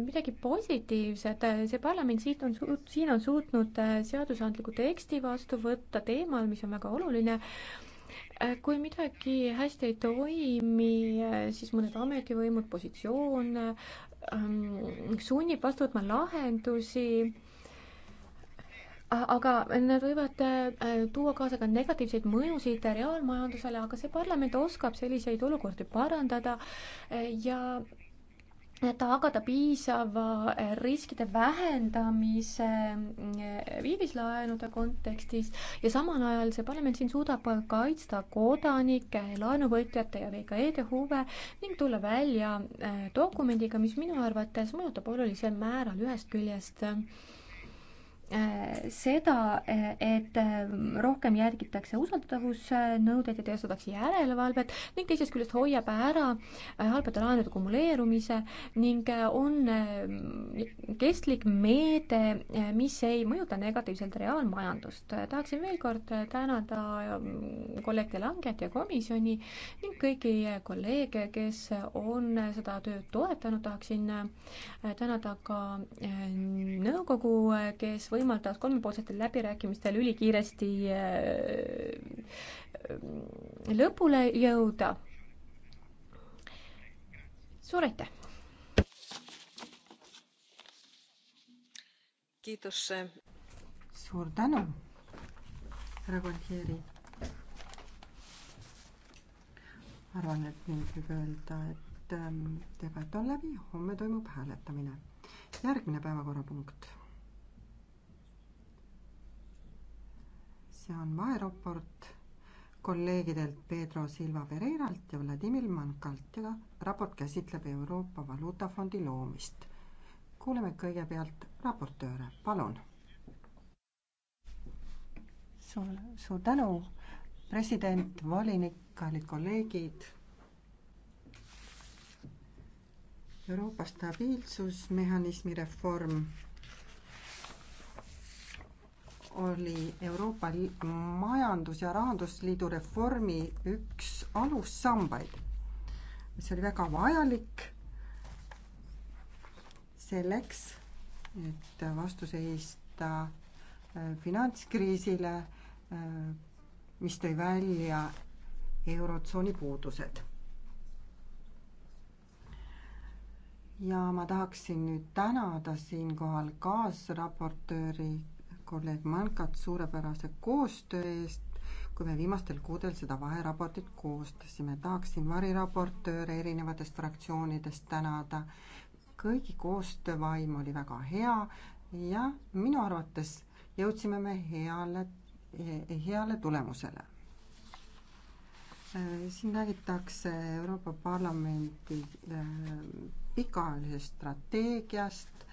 [SPEAKER 2] midagi positiivset, see parlament siit on suut-, siin on suutnud äh, seadusandliku teksti vastu võtta teemal, mis on väga oluline kui midagi hästi ei toimi, siis mõned ametivõimud, positsioon ähm, sunnib vastu võtma lahendusi, aga need võivad äh, tuua kaasa ka negatiivseid mõjusid reaalmajandusele, aga see parlament oskab selliseid olukordi parandada ja tagada piisava eh, riskide vähendamise eh, viivislaenude kontekstis ja samal ajal see parlament siin suudab kaitsta kodanike, laenuvõtjate ja VKE-de huve ning tulla välja eh, dokumendiga, mis minu arvates mõjutab olulisel määral ühest küljest Äh, seda, äh, et äh, rohkem järgitakse usaldatavusnõudeid ja teostatakse järelevalvet ning teisest küljest hoiab ära halbade laenude kumuleerumise ning on kestlik meede, mis ei mõjuta negatiivselt reaalmajandust. tahaksin veel kord tänada kolleeg Delanget ja komisjoni ning kõiki kolleege, kes on seda tööd toetanud, tahaksin tänada ka nõukogu, kes võttis võimaldavad kolmepoolsetel läbirääkimistel ülikiiresti äh, lõpule jõuda. suur aitäh! suur
[SPEAKER 1] tänu, härra Gualtieri. arvan, et nüüd võib öelda, et ähm, debatt on läbi, homme toimub hääletamine. järgmine päevakorrapunkt see on vaheraport kolleegidelt Pedro Silva Pereiralt ja Vladimir Mankalt ja raport käsitleb Euroopa Valuutafondi loomist. kuuleme kõigepealt raportööre, palun. suur, suur tänu, president, volinik, kallid kolleegid. Euroopa stabiilsusmehhanismi reform oli Euroopa Majandus- ja Rahandusliidu reformi üks alussambaid, mis oli väga vajalik selleks, et vastu seista äh, finantskriisile, äh, mis tõi välja eurotsooni puudused ja ma tahaksin nüüd tänada siinkohal kaasraportööri kolleeg Mankat suurepärase koostöö eest, kui me viimastel kuudel seda vaheraportit koostasime. tahaksin variraportööre erinevatest fraktsioonidest tänada. kõigi koostöövaim oli väga hea ja minu arvates jõudsime me heale, heale tulemusele. siin räägitakse Euroopa Parlamendi ehm, pikaajalisest strateegiast,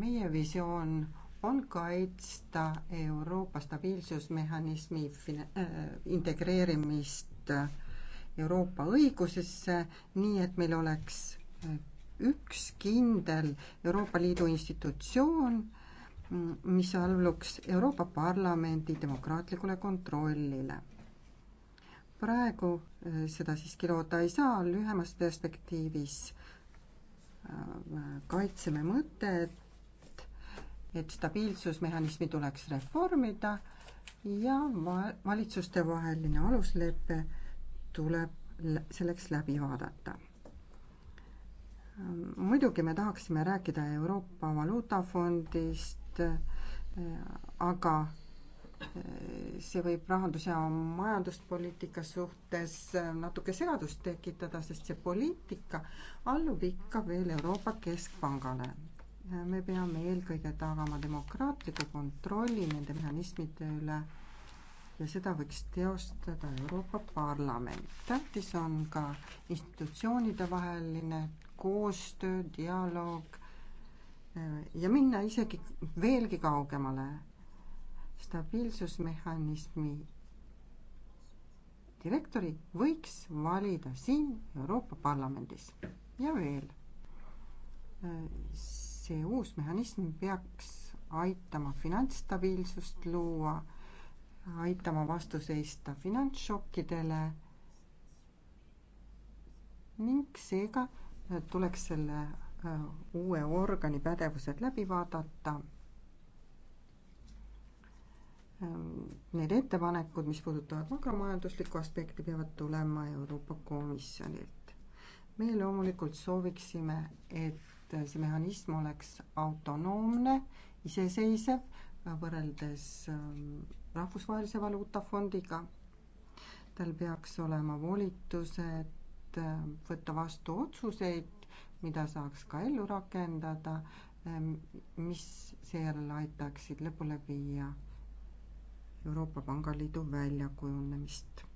[SPEAKER 1] meie visioon on kaitsta Euroopa stabiilsusmehhanismi äh, integreerimist Euroopa õigusesse, nii et meil oleks äh, üks kindel Euroopa Liidu institutsioon, mm, mis alluks Euroopa Parlamendi demokraatlikule kontrollile. praegu äh, seda siiski loota ei saa, lühemas perspektiivis kaitseme mõtet, et stabiilsusmehhanismi tuleks reformida ja valitsustevaheline aluslepe tuleb selleks läbi vaadata. muidugi me tahaksime rääkida Euroopa Valuutafondist, aga see võib rahandus- ja majanduspoliitika suhtes natuke segadust tekitada, sest see poliitika allub ikka veel Euroopa Keskpangale me peame eelkõige tagama demokraatliku kontrolli nende mehhanismide üle ja seda võiks teostada Euroopa Parlament. tähtis on ka institutsioonide vaheline koostöö, dialoog ja minna isegi veelgi kaugemale. stabiilsusmehhanismi direktori võiks valida siin Euroopa Parlamendis ja veel see uus mehhanism peaks aitama finantsstabiilsust luua, aitama vastu seista finantsšokkidele ning seega tuleks selle äh, uue organi pädevused läbi vaadata. Ähm, need ettepanekud, mis puudutavad makromajanduslikku aspekti, peavad tulema Euroopa Komisjonilt. meie loomulikult sooviksime, et et see mehhanism oleks autonoomne, iseseisev võrreldes ähm, Rahvusvahelise Valuutafondiga. tal peaks olema volitused ähm, võtta vastu otsuseid, mida saaks ka ellu rakendada, ähm, mis seejärel aitaksid lõpule viia Euroopa Pangaliidu väljakujunemist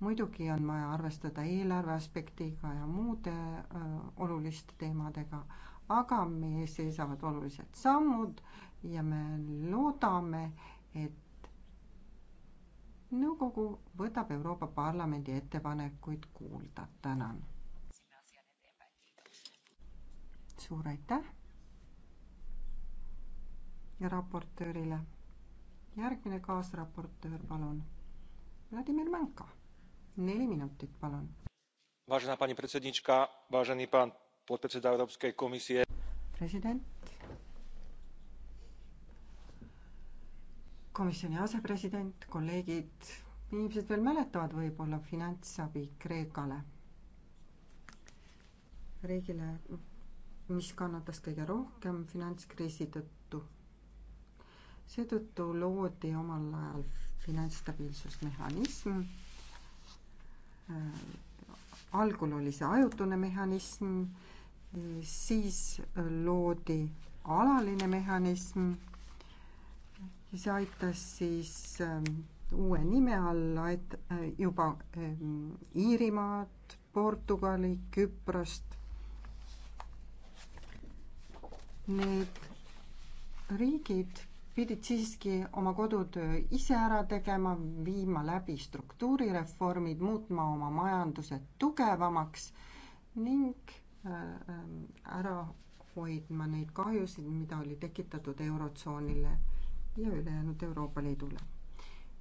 [SPEAKER 1] muidugi on vaja arvestada eelarve aspektiga ja muude öö, oluliste teemadega, aga meie ees seisavad olulised sammud ja me loodame, et nõukogu võtab Euroopa Parlamendi ettepanekuid kuulda. tänan. suur aitäh ja raportöörile. järgmine kaasraportöör, palun. Vladimir Mänka neli minutit, palun. president. komisjoni asepresident, kolleegid, inimesed veel mäletavad võib-olla finantsabi Kreekale. riigile, mis kannatas kõige rohkem finantskriisi tõttu. seetõttu loodi omal ajal finantsstabiilsusmehhanism Äh, algul oli see ajutune mehhanism, siis äh, loodi alaline mehhanism ja see aitas siis äh, uue nime all ait-, juba Iirimaad, Portugali, Küprost. Need riigid pidid siiski oma kodutöö ise ära tegema, viima läbi struktuurireformid, muutma oma majanduse tugevamaks ning äh, äh, ära hoidma neid kahjusid, mida oli tekitatud Eurotsoonile ja ülejäänud Euroopa Liidule.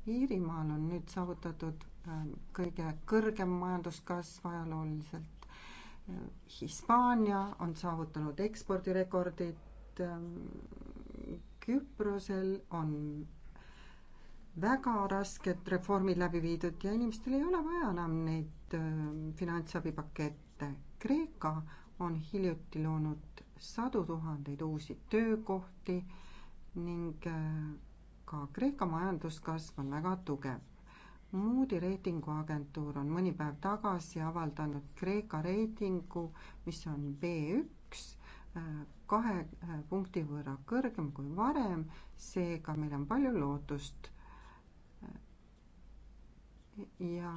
[SPEAKER 1] Iirimaal on nüüd saavutatud äh, kõige kõrgem majanduskasv ajalooliselt. Hispaania on saavutanud ekspordirekordid Küprosel on väga rasked reformid läbi viidud ja inimestel ei ole vaja enam neid finantsabipakette. Kreeka on hiljuti loonud sadu tuhandeid uusi töökohti ning ka Kreeka majanduskasv on väga tugev. Moody reitinguagentuur on mõni päev tagasi avaldanud Kreeka reitingu, mis on B1 kahe äh, punkti võrra kõrgem kui varem, seega meil on palju lootust. ja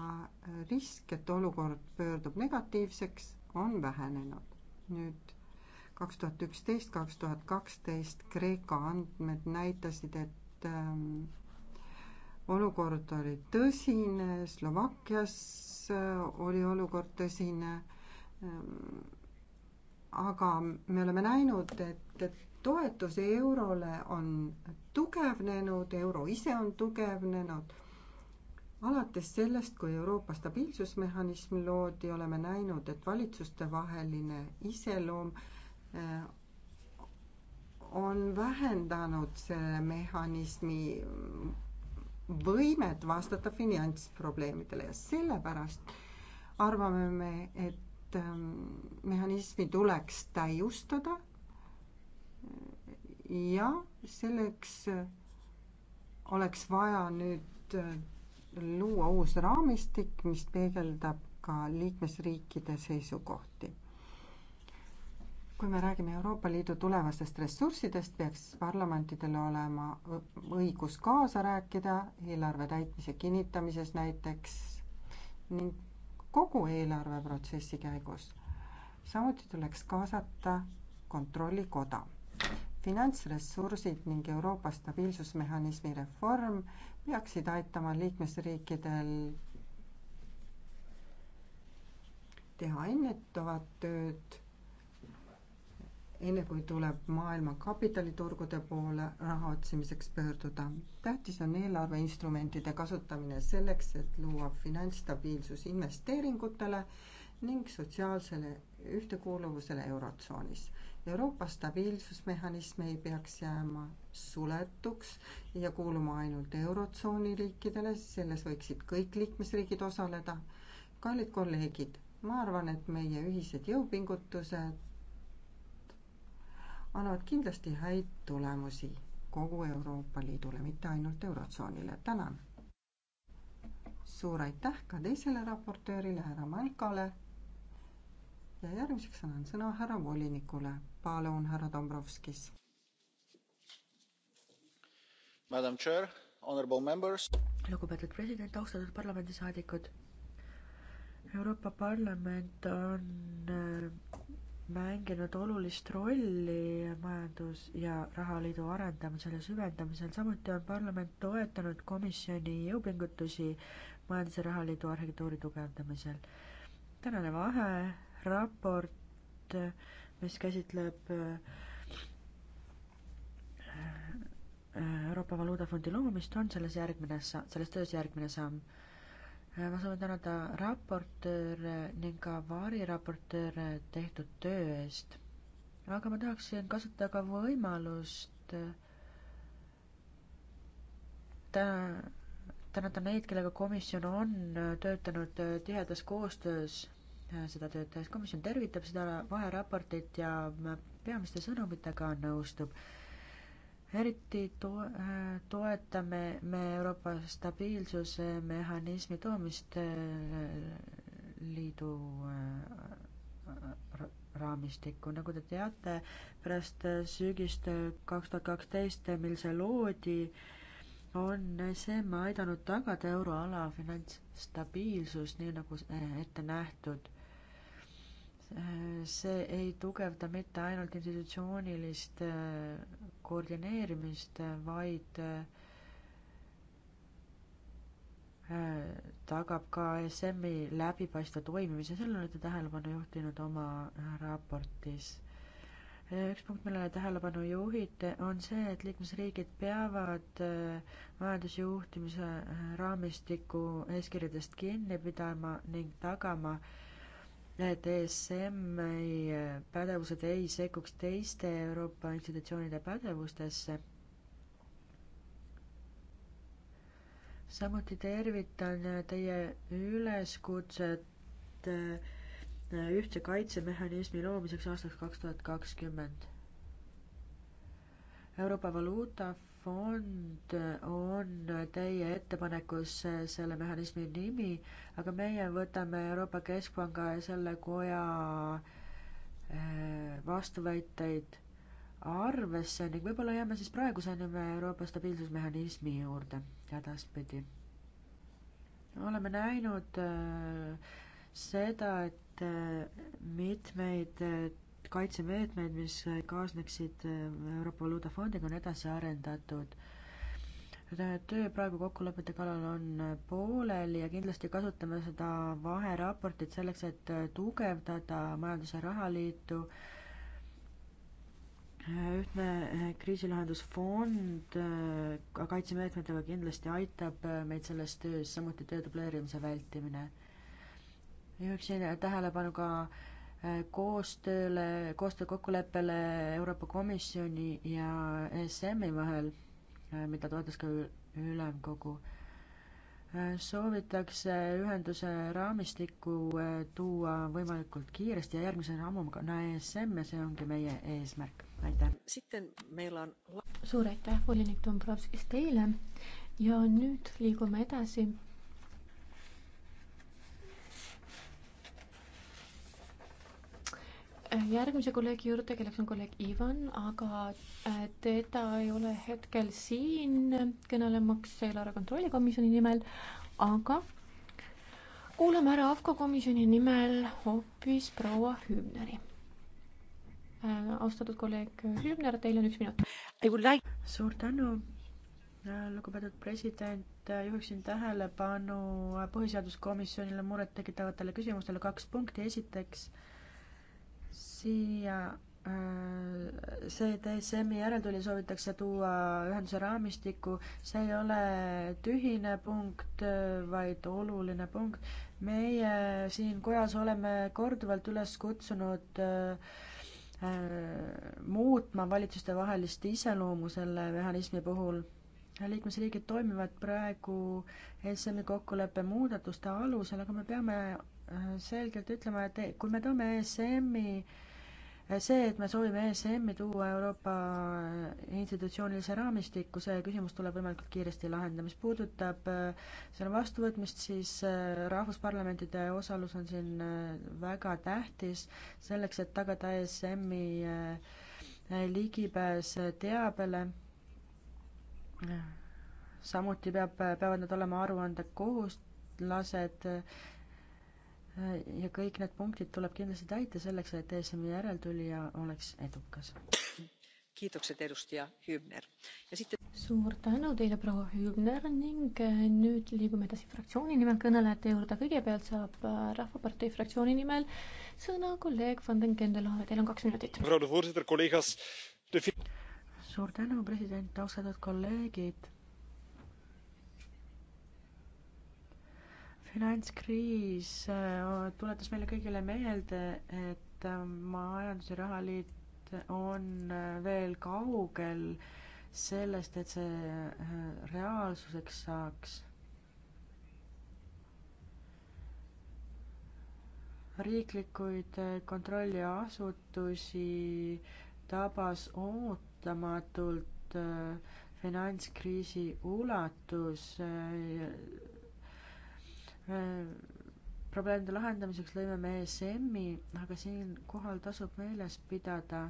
[SPEAKER 1] risk, et olukord pöördub negatiivseks, on vähenenud. nüüd kaks tuhat üksteist, kaks tuhat kaksteist Kreeka andmed näitasid, et ähm, olukord oli tõsine, Slovakkias äh, oli olukord tõsine ähm, aga me oleme näinud, et, et toetus eurole on tugevnenud, euro ise on tugevnenud. alates sellest, kui Euroopa stabiilsusmehhanism loodi, oleme näinud, et valitsustevaheline iseloom eh, on vähendanud selle mehhanismi võimet vastata finantsprobleemidele ja sellepärast arvame me, et Ähm, mehhanismi tuleks täiustada ja selleks äh, oleks vaja nüüd äh, luua uus raamistik, mis peegeldab ka liikmesriikide seisukohti. kui me räägime Euroopa Liidu tulevastest ressurssidest, peaks parlamentidel olema õigus kaasa rääkida eelarve täitmise kinnitamises näiteks ning kogu eelarveprotsessi käigus. samuti tuleks kaasata kontrollikoda. finantsressursid ning Euroopa stabiilsusmehhanismi reform peaksid aitama liikmesriikidel teha ennetavat tööd enne kui tuleb maailma kapitaliturgude poole raha otsimiseks pöörduda. tähtis on eelarveinstrumentide kasutamine selleks, et luua finantsstabiilsus investeeringutele ning sotsiaalsele ühtekuuluvusele Eurotsoonis. Euroopa stabiilsusmehhanism ei peaks jääma suletuks ja kuuluma ainult Eurotsooni riikidele, selles võiksid kõik liikmesriigid osaleda. kallid kolleegid, ma arvan, et meie ühised jõupingutused annavad kindlasti häid tulemusi kogu Euroopa Liidule, mitte ainult Eurotsoonile. tänan! suur aitäh ka teisele raportöörile, härra Malkale. ja järgmiseks annan sõna härra volinikule. palun, härra Dombrovskis.
[SPEAKER 3] Madam Chair, honorable members.
[SPEAKER 4] lugupeetud president, austatud parlamendisaadikud. Euroopa Parlament on äh, mänginud olulist rolli majandus- ja rahaliidu arendamisel ja süvendamisel, samuti on parlament toetanud komisjoni jõupingutusi majandus- ja rahaliidu arhitektuuri tugevdamisel. tänane vaheraport, mis käsitleb äh, äh, Euroopa Valuutafondi loomist, on selles järgmine sa-, selles töös järgmine samm Äh, ma soovin tänada raportööre ning ka variraportööre tehtud töö eest. aga ma tahaksin kasutada ka võimalust äh, täna, tänada neid, kellega komisjon on äh, töötanud tihedas koostöös seda tööd tehes. komisjon tervitab seda vaheraportit ja peamiste sõnumitega nõustub eriti to-, toetame me Euroopa stabiilsuse mehhanismi toomist äh, liidu äh, raamistikku, nagu te teate, pärast sügist kaks tuhat kaksteist, mil see loodi, on ESM aidanud tagada euroala finantsstabiilsust, nii nagu ette nähtud see ei tugevda mitte ainult institutsioonilist äh, koordineerimist, vaid äh, tagab ka ESM-i läbipaistva toimimise, sellele olete tähelepanu juhtinud oma raportis. Äh, üks punkt, millele tähelepanu juhite, on see, et liikmesriigid peavad majandusjuhtimise raamistiku eeskirjadest kinni pidama ning tagama äh, DSM-i pädevused ei sekkuks teiste Euroopa institutsioonide pädevustesse. samuti tervitan teie üleskutset äh, ühtse kaitsemehhanismi loomiseks aastaks kaks tuhat kakskümmend. Euroopa Valuuta fond on teie ettepanekus selle mehhanismi nimi, aga meie võtame Euroopa Keskpanga ja selle koja eh, vastuväiteid arvesse ning võib-olla jääme siis praeguse nime Euroopa stabiilsusmehhanismi juurde edaspidi. oleme näinud eh, seda, et eh, mitmeid et kaitsemeetmed, mis kaasneksid äh, Euroopa Valuutafondiga, on edasi arendatud töö praegu kokkulepete kallal on äh, pooleli ja kindlasti kasutame seda vaheraportit selleks, et äh, tugevdada majandus- ja rahaliitu. ühtne kriisilahendusfond ka kaitsemeetmetega kindlasti aitab meid selles töös, samuti töö dubleerimise vältimine. juhiksin tähelepanu ka äh, koostööle, koostöökokkuleppele Euroopa Komisjoni ja ESM-i vahel, äh, mida toetas ka ülemkogu. Äh, soovitakse ühenduse raamistikku äh, tuua võimalikult kiiresti ja järgmise sammuna ESM ja see ongi meie eesmärk.
[SPEAKER 2] aitäh. On... suur aitäh, volinik Dombrovskis teile ja nüüd liigume edasi järgmise kolleegi juurde, kelleks on kolleeg Ivan, aga äh, teda ei ole hetkel siin kõnelemaks eelarve kontrolli komisjoni nimel, aga kuulame ära AFCO komisjoni nimel hoopis proua Hübneri. Äh, austatud kolleeg Hübner, teil on üks minut. Like... suur tänu, äh,
[SPEAKER 4] lugupeetud president, juhiksin tähelepanu põhiseaduskomisjonile murettekitavatele küsimustele kaks punkti, esiteks siia äh, CDSM-i järeltuli soovitakse tuua ühenduse raamistikku, see ei ole tühine punkt, vaid oluline punkt. meie siin kojas oleme korduvalt üles kutsunud äh, muutma valitsustevahelist iseloomu selle mehhanismi puhul. liikmesriigid toimivad praegu ESM-i kokkuleppe muudatuste alusel, aga me peame äh, selgelt ütlema, et kui me toome ESM-i äh, see, et me soovime ESM-i tuua Euroopa institutsioonilise raamistikku, see küsimus tuleb võimalikult kiiresti lahendada. mis puudutab äh, selle vastuvõtmist, siis äh, rahvusparlamentide osalus on siin äh, väga tähtis selleks, et tagada ESM-i ligipääs teabele. samuti peab, peavad nad olema aruandekohustuslased ja kõik need punktid tuleb kindlasti täita selleks, et ESM-i järeltulija oleks edukas.
[SPEAKER 3] kiitokset, edustaja Hübner.
[SPEAKER 4] Sitte...
[SPEAKER 2] suur tänu teile, proua Hübner ning äh, nüüd liigume edasi fraktsiooni nimel kõnelejate juurde. kõigepealt saab äh, Rahvapartei fraktsiooni nimel sõna kolleeg Van den Kendelhaave, teil on kaks minutit. suur tänu, president, austatud kolleegid
[SPEAKER 4] finantskriis äh, tuletas meile kõigile meelde, et äh, majandus- ja rahaliit on äh, veel kaugel sellest, et see reaalsuseks saaks. riiklikuid kontrolliasutusi tabas ootamatult finantskriisi ulatus Äh, probleemide lahendamiseks lõime me ESM-i, aga siinkohal tasub meeles pidada,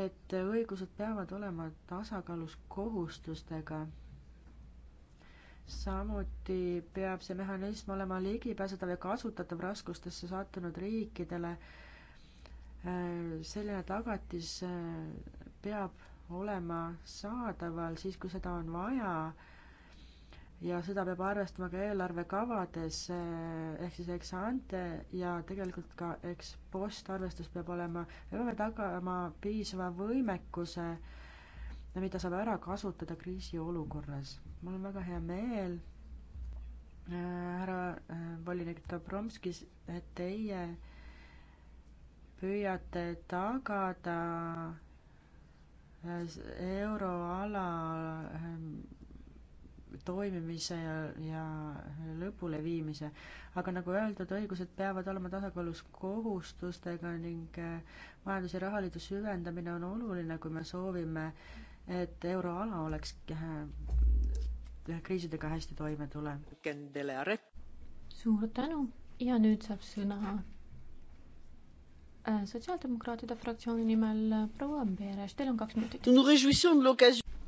[SPEAKER 4] et õigused peavad olema tasakaalus kohustustega. samuti peab see mehhanism olema ligipääsetav ja kasutatav raskustesse sattunud riikidele. Äh, selline tagatis äh, peab olema saadaval siis, kui seda on vaja ja seda peab arvestama ka eelarvekavades eh, ehk siis ex ante ja tegelikult ka ex post arvestus peab olema, me peame tagama piisava võimekuse, mida saab ära kasutada kriisiolukorras. mul on väga hea meel, eh, härra eh, volinik Dobromskis, et teie püüate tagada euroala toimimise ja, ja lõpuleviimise. aga nagu öeldud, õigused peavad olema tasakaalus kohustustega ning äh, majandus- ja rahaliidu süvendamine on oluline, kui me soovime, et euroala oleks äh, kriisidega hästi toime tulev.
[SPEAKER 2] suur tänu ja nüüd saab sõna äh, sotsiaaldemokraatide fraktsiooni nimel proua Amberes, teil on kaks minutit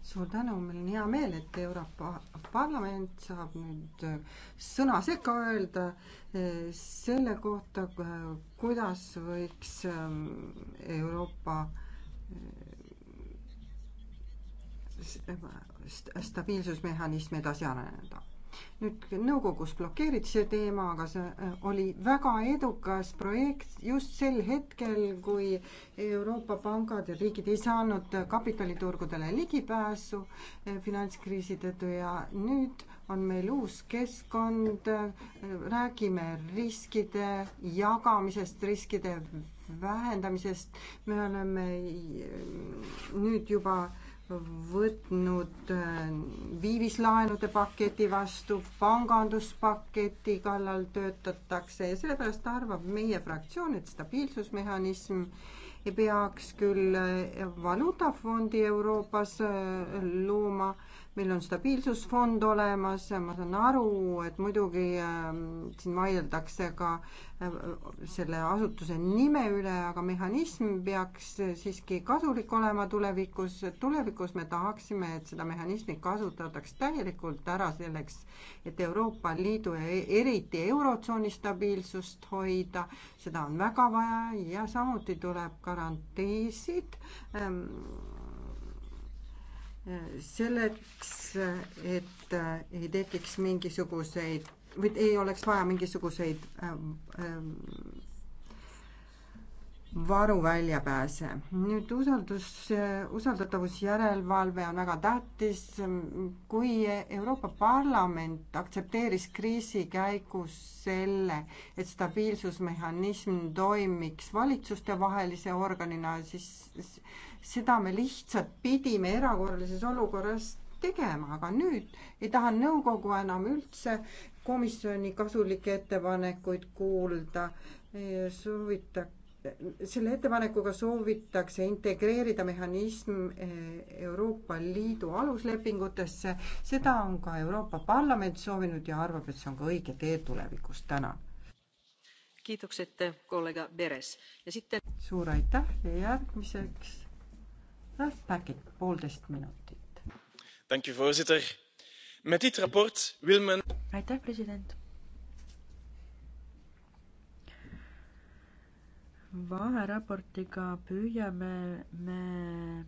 [SPEAKER 1] suur tänu, meil on hea meel, et Euroopa Parlament saab nüüd äh, sõna sekka öelda äh, selle kohta, äh, kuidas võiks Euroopa stabiilsusmehhanism edasi areneda nüüd nõukogus blokeeriti see teema, aga see äh, oli väga edukas projekt just sel hetkel, kui Euroopa pangad ja riigid ei saanud kapitaliturgudele ligipääsu äh, finantskriisi tõttu ja nüüd on meil uus keskkond, äh, räägime riskide jagamisest, riskide vähendamisest, me oleme nüüd juba äh, võtnud äh, viivislaenude paketi vastu, panganduspaketi kallal töötatakse ja sellepärast arvab meie fraktsioon, et stabiilsusmehhanism ei peaks küll äh, valuutafondi Euroopas äh, looma, meil on stabiilsusfond olemas, ma saan aru, et muidugi äh, siin vaieldakse ka äh, selle asutuse nime üle, aga mehhanism peaks siiski kasulik olema tulevikus, tulevikus me tahaksime, et seda mehhanismi kasutataks täielikult ära selleks, et Euroopa Liidu ja e-, eriti Eurotsooni stabiilsust hoida, seda on väga vaja ja samuti tuleb garantiisid ähm, selleks, et äh, ei tekiks mingisuguseid või ei oleks vaja mingisuguseid äh, äh, varu väljapääse. nüüd usaldus, usaldatavusjärelevalve on väga tähtis. kui Euroopa Parlament aktsepteeris kriisi käigus selle, et stabiilsusmehhanism toimiks valitsustevahelise organina, siis seda me lihtsalt pidime erakorralises olukorras tegema, aga nüüd ei taha nõukogu enam üldse komisjoni kasulikke ettepanekuid kuulda. soovita, selle ettepanekuga soovitakse integreerida mehhanism eh, Euroopa Liidu aluslepingutesse, seda on ka Euroopa Parlament soovinud ja arvab, et see on ka õige tee tulevikus. tänan.
[SPEAKER 3] kiitokset kolleeg Beres ja siit.
[SPEAKER 1] suur aitäh ja järgmiseks voorzitter met dit verslag wil men.
[SPEAKER 4] vaheraportiga püüame me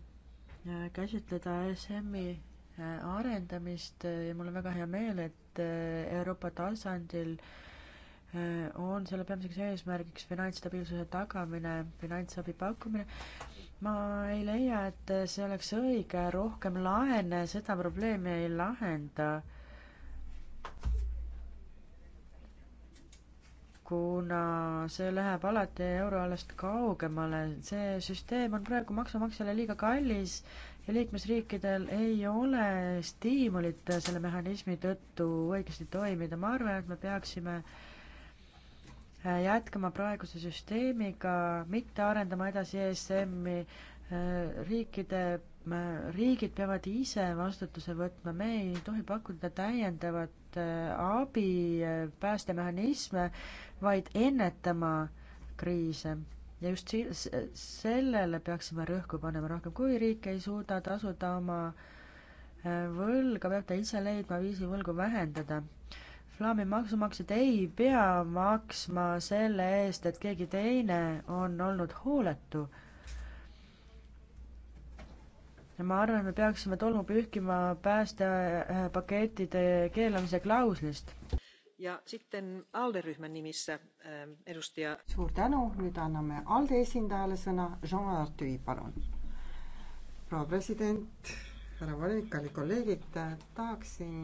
[SPEAKER 4] äh, käsitleda esmi äh, arendamist ja mul on väga hea meel et äh, euroopa tasandil on selle peamiseks eesmärgiks finantsstabiilsuse tagamine finantsabi pakkumine ma ei leia, et see oleks õige, rohkem laene seda probleemi ei lahenda. kuna see läheb alati euroalast kaugemale, see süsteem on praegu maksumaksjale liiga kallis ja liikmesriikidel ei ole stiimulit selle mehhanismi tõttu õigesti toimida, ma arvan, et me peaksime äh, Äh, jätkama praeguse süsteemiga, mitte arendama edasi ESM-i, äh, riikide, äh, riigid peavad ise vastutuse võtma, me ei tohi pakkuda täiendavat abi, päästemehhanisme, vaid ennetama kriise. ja just si-, sellele peaksime rõhku panema rohkem, kui riik ei suuda tasuda oma võlga, peab ta ise leidma viisi võlgu vähendada Flaami maksumaksjad ei pea maksma selle eest, et keegi teine on olnud hooletu. ma arvan, et me peaksime tolmu pühkima päästepakettide keelamise klauslist.
[SPEAKER 3] ja sitten ALDE rühma nimissä äh, edustaja.
[SPEAKER 1] suur
[SPEAKER 4] tänu, nüüd anname ALDE esindajale
[SPEAKER 1] sõna, Jean Artüi, palun. proua president, härra volinik, kallid kolleegid, tahaksin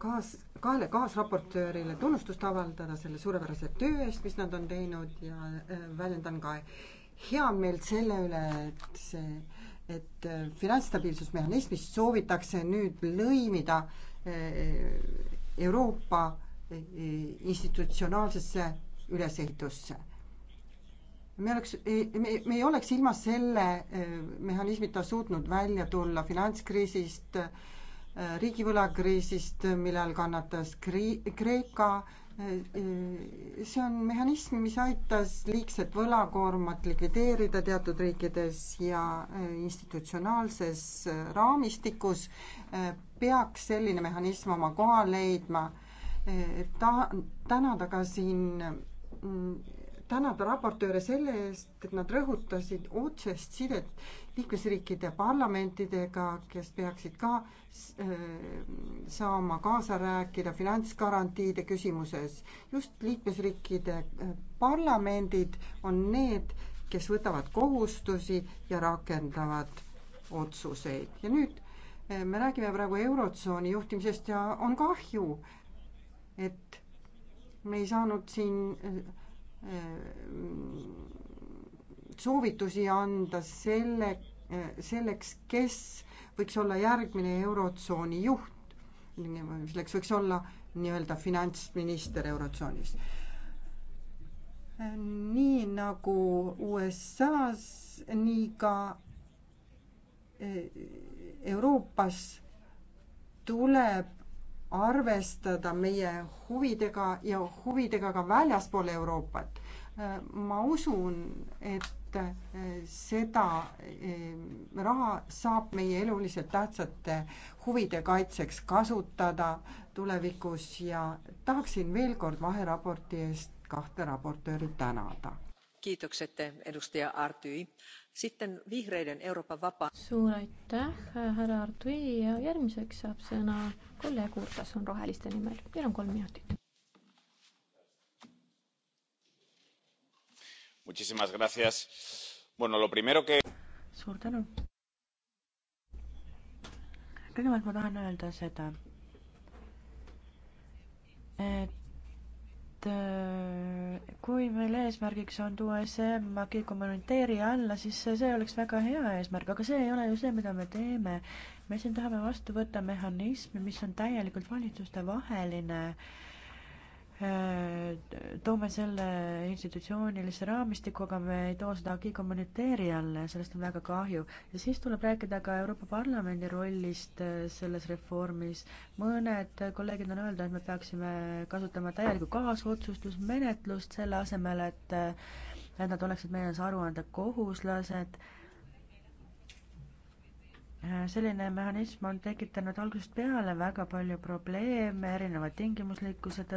[SPEAKER 1] kaas, kahele kaasraportöörile tunnustust avaldada selle suurepärase töö eest, mis nad on teinud ja äh, väljendan ka heameelt selle üle, et see, et äh, finantsstabiilsusmehhanismist soovitakse nüüd lõimida äh, Euroopa institutsionaalsesse ülesehitusse me oleks, me, me ei oleks ilma selle mehhanismita suutnud välja tulla finantskriisist äh,, riigivõlakriisist, millal kannatas Kri-, Kreeka, see on mehhanism, mis aitas liigset võlakoormat likvideerida teatud riikides ja institutsionaalses raamistikus peaks selline mehhanism oma koha leidma. ta, täna ta ka siin tänab raportööre selle eest, et nad rõhutasid otsest sidet liikmesriikide parlamentidega, kes peaksid ka äh, saama kaasa rääkida finantsgarantiide küsimuses. just liikmesriikide äh, parlamendid on need, kes võtavad kohustusi ja rakendavad otsuseid ja nüüd äh, me räägime praegu Eurotsooni juhtimisest ja on kahju, et me ei saanud siin Äh, soovitusi anda selle, äh, selleks, kes võiks olla järgmine Eurotsooni juht, selleks võiks olla nii-öelda finantsminister Eurotsoonis. nii nagu USA-s, nii ka äh, Euroopas tuleb arvestada meie huvidega ja huvidega ka väljaspool Euroopat. ma usun, et eh, seda eh, raha saab meie eluliselt tähtsate huvide kaitseks kasutada tulevikus ja tahaksin veel kord vaheraporti eest kahte raportööri tänada.
[SPEAKER 3] kiitokset edustaja Artüi suur
[SPEAKER 2] aitäh, härra Artui ja järgmiseks saab sõna kolleeg Urtas on roheliste nimel, teil on kolm minutit.
[SPEAKER 4] suur tänu. kõigepealt ma tahan öelda seda, et Äh, kui meil eesmärgiks on tuua SM Agi kommenteeri alla, siis see oleks väga hea eesmärk, aga see ei ole ju see, mida me teeme. me siin tahame vastu võtta mehhanismi, mis on täielikult valitsustevaheline Äh, toome selle institutsioonilisse raamistikku, aga me ei too seda acquis communitaire'i alla ja sellest on väga kahju. ja siis tuleb rääkida ka Euroopa Parlamendi rollist äh, selles reformis. mõned kolleegid on öelnud, et me peaksime kasutama täielikku kaasotsustusmenetlust selle asemel, et äh, et nad oleksid meie ees aruandekohuslased selline mehhanism on tekitanud algusest peale väga palju probleeme erineva tingimuslikkuse tõttu